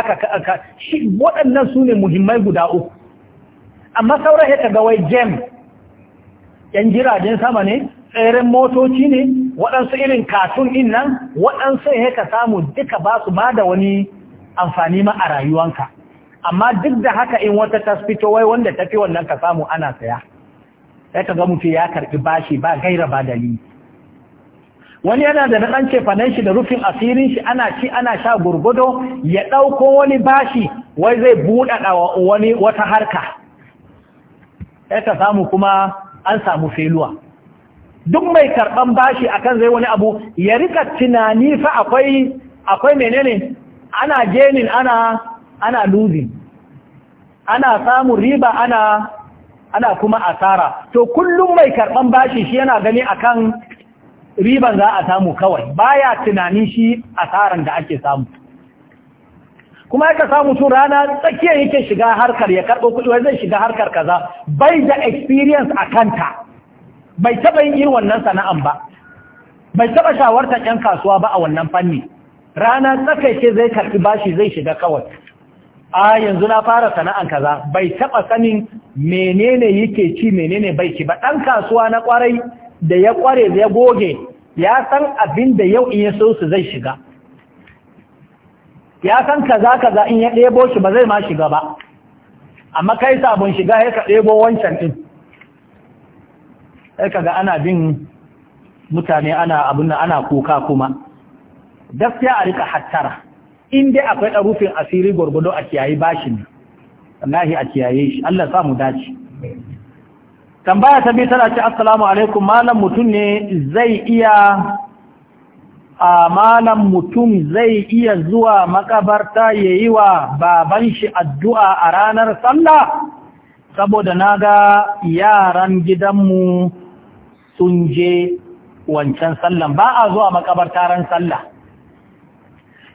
ka shi waɗannan su ne muhimmai guda uku amma sauran ya ga wai gem yan jiragen sama ne tseren motoci ne waɗansu irin katun in nan waɗansu ya ka samu duka ba su ba da wani amfani ma a rayuwanka amma duk da haka in wata ta fito wai wanda tafi wannan ka samu ana saya sai ka ga fi ya karɓi bashi ba gaira ba dalili wani yana da na ɗan cefanen shi da rufin asirin shi ana ci ana sha gurgudo ya ɗauko wani bashi wai zai buɗaɗa wani wata harka ya ka samu kuma an samu feluwa duk mai karɓan bashi akan zai wani abu ya rika tunani fa akwai akwai menene ana genin ana ana losing ana samun riba ana ana kuma asara to kullum mai karɓan bashi shi yana gani akan riban za a samu kawai baya tunani shi asaran da ake samu kuma aka samu tun rana tsakiyar yake shiga harkar ya karɓo kuɗi wai zai shiga harkar kaza bai da experience a kanta bai taɓa yin irin wannan sana'an ba bai taɓa shawartar 'yan kasuwa ba a wannan fanni rana tsakaice zai karɓi bashi zai shiga kawai a yanzu na fara sana'an kaza bai taɓa sanin menene yake ci menene bai ci ba ɗan kasuwa na kwarai. da ya kware da ya goge ya san abin da yau in ya so su zai shiga ya san kaza kaza in ya ɗebo shi ba zai ma shiga ba amma kai sabon shiga ya ka ɗebo wancan ɗin sai kaga ana bin mutane ana abin ana kuka kuma gaskiya a rika hattara in dai akwai rufin asiri gwargwado a kiyaye bashi ne wallahi a kiyaye shi Allah sa mu dace tambaya ta biyu tana ce assalamu alaikum malam mutum ne zai iya a malam mutum zai iya zuwa makabarta ya yi wa baban shi addu'a a ranar sallah saboda na ga yaran gidanmu sun je wancan sallan ba a zuwa makabarta ran sallah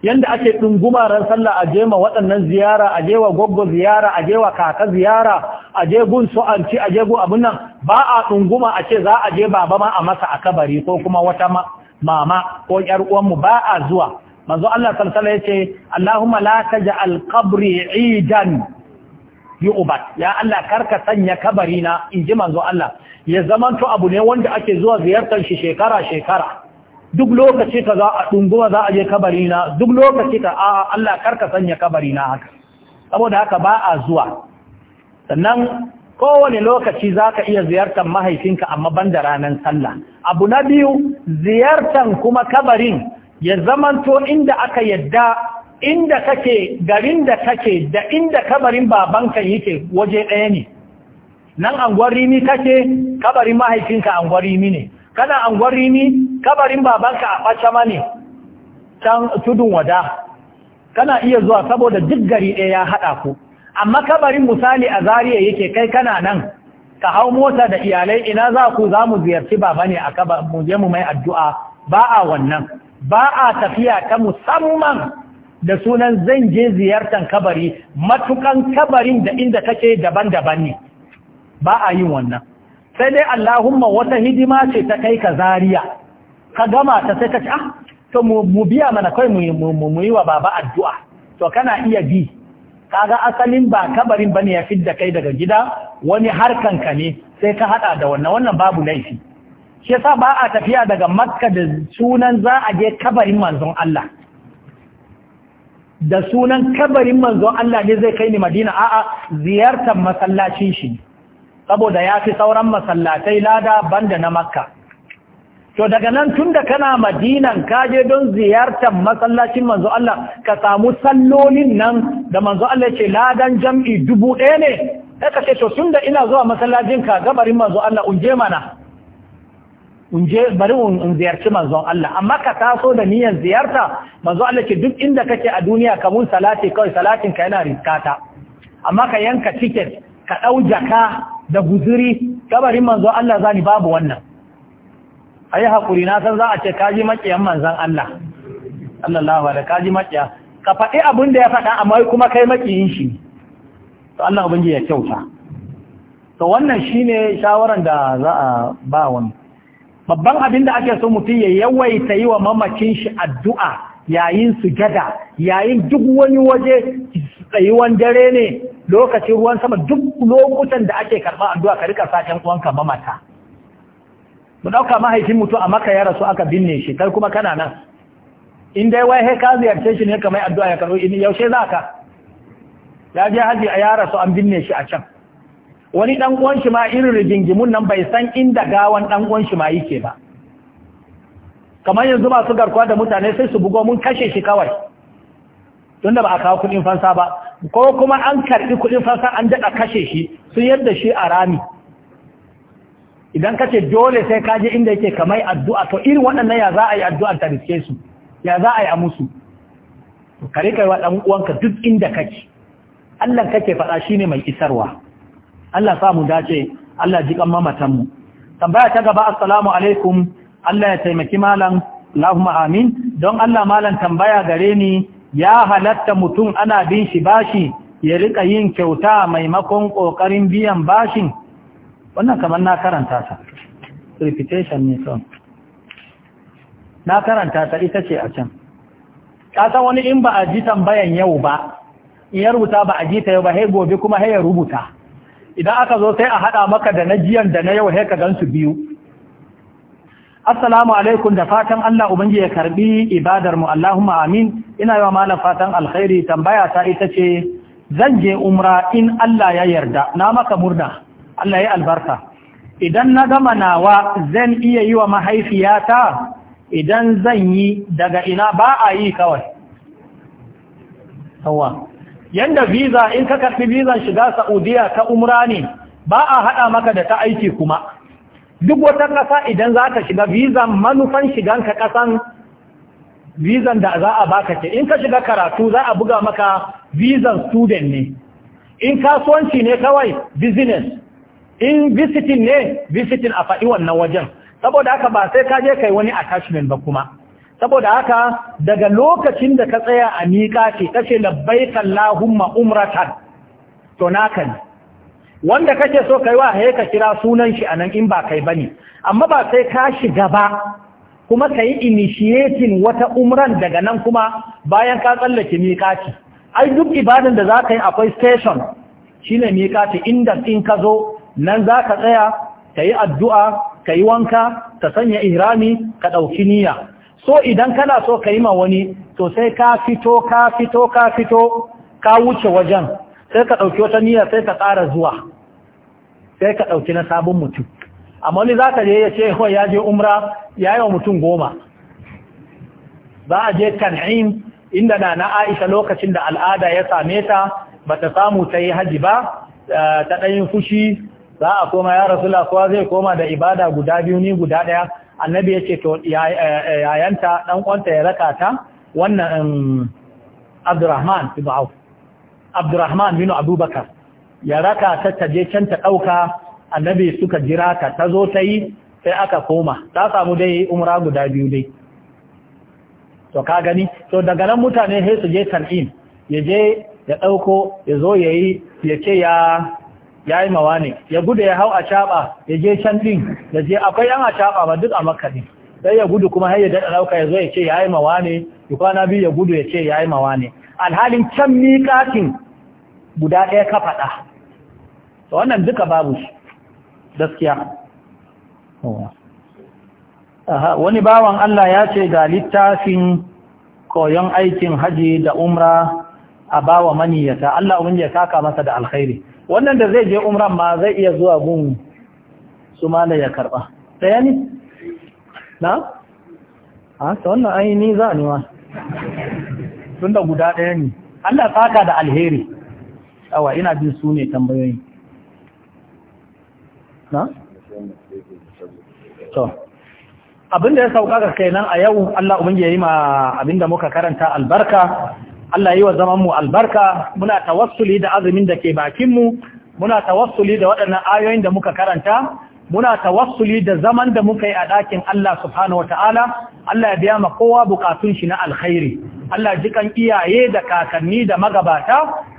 yanda ake ɗunguma ran sallah a jema waɗannan ziyara a jewa goggo ziyara a jewa kaka ziyara a je gun su'anci a je gun abin nan ba a ɗunguma a ce za a je baba ma a masa a kabari ko kuma wata mama ko uwan mu ba a zuwa manzo Allah sallallahu alaihi yace Allahumma la taj'al qabri idan yu'bat ya Allah karka sanya kabari na inji manzo Allah ya zamanto abu ne wanda ake zuwa ziyartar shi shekara shekara duk lokaci ka za a ɗunguwa za a je kabari na duk lokaci ka a Allah karka sanya kabari na haka saboda haka ba a zuwa sannan kowane lokaci za ka iya ziyartar mahaifinka amma ban da ranar sallah abu na biyu ziyartar kuma kabarin ya zamanto inda aka yadda inda kake garin da kake da inda kabarin babanka yake waje ɗaya ne nan angwarimi kake kabarin mahaifinka angwarimi ne kana anguwar rimi kabarin babanka a ɓace ne can tudun wada kana iya zuwa saboda duk gari ɗaya ya haɗa ku amma kabarin misali a zariya yake kai kana nan ka hau mota da iyalai ina za ku za mu ziyarci baba ne a mu je mu mai addu'a ba a wannan ba a tafiya ta musamman da sunan zan je ziyartar kabari matukan kabarin da inda kake daban-daban ne ba a yin wannan sai dai Allahumma wata hidima ce ta kai ka zariya ka gama ta sai ka ce ah to mu biya mana kai mu yi wa baba addu'a to kana iya bi kaga asalin ba kabarin ne ya da kai daga gida wani harkan ka ne sai ka hada da wannan wannan babu laifi shi yasa ba a tafiya daga makka da sunan za a je kabarin manzon Allah da sunan kabarin manzon Allah ne zai kai ni madina a'a ziyartar masallacin shi ne saboda ya fi sauran masallatai lada banda na makka to daga nan tun da kana madinan kaje don ziyartar masallacin manzo Allah ka samu sallolin nan da manzo Allah ce ladan jam'i dubu ɗaya ne ka ce to tun da ina zuwa masallacin ka gabarin manzo Allah unje mana unje bari in ziyarci manzo Allah amma ka taso da niyyar ziyarta manzo Allah ce duk inda kake a duniya ka mun salati kawai salatin ka yana riskata amma ka yanka tiket. ka ɗau jaka da guzuri kabarin manzo Allah zani babu wannan ayi haƙuri na san za a ce kaji maƙiyan manzan Allah sallallahu da kaji maƙiya ka faɗi abin da ya faɗa amma kuma kai maƙiyin shi to Allah ubangiji ya kyauta to wannan shine shawaran da za a ba wani babban abin da ake so mutum ya yawaita yi wa mamakin shi addu'a yayin sujada yayin duk wani waje tsayuwan dare ne lokacin ruwan sama duk lokutan da ake karɓa addu'a ka rika sa ‘yan uwanka mata mu ɗauka mahaifin mutum a maka ya rasu aka binne shi kar kuma kana nan in dai wai haika ziyarce shi ne ka mai addu'a ya karo ini yaushe za ka ya je haji a yara su an binne shi a can wani dan uwan shi ma irin rigingimun nan bai san inda gawan dan shi ma yake ba kamar yanzu masu garkuwa da mutane sai su bugo mun kashe shi kawai don da ba a kawo kuɗin fansa ba ko kuma an karɓi kuɗin fansa an daɗa kashe shi sun yadda shi a rami idan kace dole sai ka je inda yake kamar addu'a to irin waɗannan ya za a yi addu'ar ta riske su ya za a yi a musu kare kai wa ɗan uwanka duk inda kake Allah kake faɗa shine mai isarwa Allah sa mu dace Allah ji kan mamatan mu tambaya ta gaba assalamu alaikum Allah ya taimaki malam Allahumma amin don Allah malam tambaya gare ni ya halatta mutum ana bin shi bashi ya rika yin kyauta maimakon ƙoƙarin biyan bashin wannan kamar na karanta ta repetition ne son na karanta ta ita ce a can san wani in ba a ji tambayan yau ba in ya rubuta ba a ji ta yau ba gobe kuma ya rubuta idan aka zo sai a haɗa maka da na jiyan da na yau ka gansu biyu assalamu alaikum da fatan Allah ubangi ya karbi ibadar mu Allahumma amin ina yawa malam fatan alkhairi tambaya ta ita ce zan je umra in Allah ya yarda na maka murna Allah ya albarka idan na gama nawa zan iya yi wa mahaifiyata idan zan yi daga ina ba a yi kawai yanda visa in ka karbi visa shiga Saudiya ta umra ne ba a hada maka da ta aiki kuma duk wata ƙasa idan za ka shiga vizan manufan shiganka ƙasan vizan da za a baka ce in ka shiga karatu za a buga maka vizan student ne in kasuwanci ne kawai business in visiting ne visiting a faɗi wannan wajen saboda haka ba sai ka je kai wani attachment ba kuma saboda haka daga lokacin da ka tsaya a miƙa ce ta ce labbaikan lahumma umratan to naka ne wanda kake so kai wa haye ka kira sunan shi anan in ba kai bane amma ba sai ka shiga ba kuma kai initiating wata umran daga nan kuma bayan ka tsallake miƙati ai duk ibadan da zaka yi akwai station shine miƙati inda in ka zo nan zaka tsaya kai addu'a kai wanka ka sanya ihrami ka dauki niyya so idan kana so kai ma wani to sai ka fito ka fito ka fito ka wuce wajen sai ka ɗauki wata niyyar sai ka ƙara zuwa sai ka ɗauki na sabon mutum amma wani za ka je ya ce kawai ya je umra ya yi wa mutum goma za a je kan'im inda na na aisha lokacin da al'ada ya same ta ba ta samu ta yi haji ba eh, ta ɗayin fushi za a koma ya rasu kowa zai koma da ibada guda biyu ni guda ɗaya annabi ya ce to eh, yayanta ɗan ƙwanta ya raka ta wannan mm, abdurrahman ibn auf abdurrahman bin abubakar ya raka ta taje can ta ɗauka annabi suka jira ta ta zo ta sai aka koma ta samu dai umra guda biyu dai to ka gani to daga nan mutane sai su je tan'in ya je ya ɗauko ya zo ya ya ce ya yayi yi ya gudu ya hau a chaba ya je can ɗin ya je akwai yan a chaba ba duk a makka ne sai ya gudu kuma har ya dauka ɗauka ya zo ya ce ya yi mawa ne ya kwana biyu ya gudu ya ce ya yi alhalin can miƙatin guda ɗaya ka faɗa wannan duka babu shi gaskiya wani bawan Allah ya ce ga littafin koyon aikin haji da umra a bawa maniyyata, Allah ya saka masa da alkhairi wannan da zai je umran ma zai iya zuwa gun su mala ya karɓa. ɗaya ne? na? a ah, wannan ainihin za a tun da guda ɗaya ne Allah tsaka da alheri awa ina jin su ne tambayoyi na? to abinda ya sauka ga nan a yau Allah ya yi ma abinda muka karanta albarka Allah yi wa zamanmu albarka muna tawassuli da azumin da ke bakinmu. muna tawassuli da waɗannan ayoyin da muka karanta muna tawassuli da zaman da muka yi a ɗakin Allah subhanahu ta'ala. Allah ya biya ma kowa bukatun shi na alkhairi Allah jikan iyaye da kakanni da magabata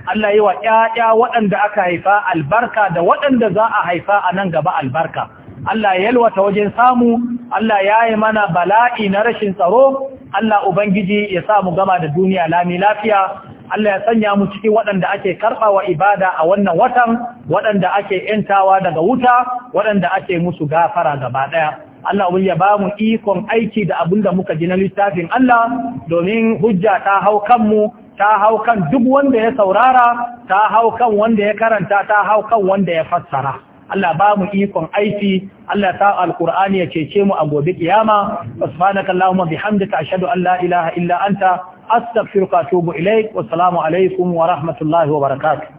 Allah yi wa ƴaƴa waɗanda aka haifa albarka da waɗanda za a haifa a nan gaba albarka Allah ya yalwata wajen samu Allah ya yi mana bala'i na rashin tsaro Allah ubangiji ya sa mu gama da duniya lami lafiya Allah ya sanya mu ciki waɗanda ake karɓawa ibada a wannan watan waɗanda ake ‘yantawa daga wuta waɗanda ake musu gafara gaba ɗaya. Allah wani ya ba mu ikon aiki da abin da muka gina littafin Allah domin hujja ta hau kanmu, ta hau kan duk wanda ya saurara, ta hau kan wanda ya karanta, ta hau kan wanda ya fassara. Allah ba mu ikon aiki Allah ta alqur'ani ya cece mu a gobe kiyama subhanaka allahumma bihamdika ashhadu an la ilaha illa anta astaghfiruka wa atubu ilaik alaikum wa rahmatullahi wa barakatuh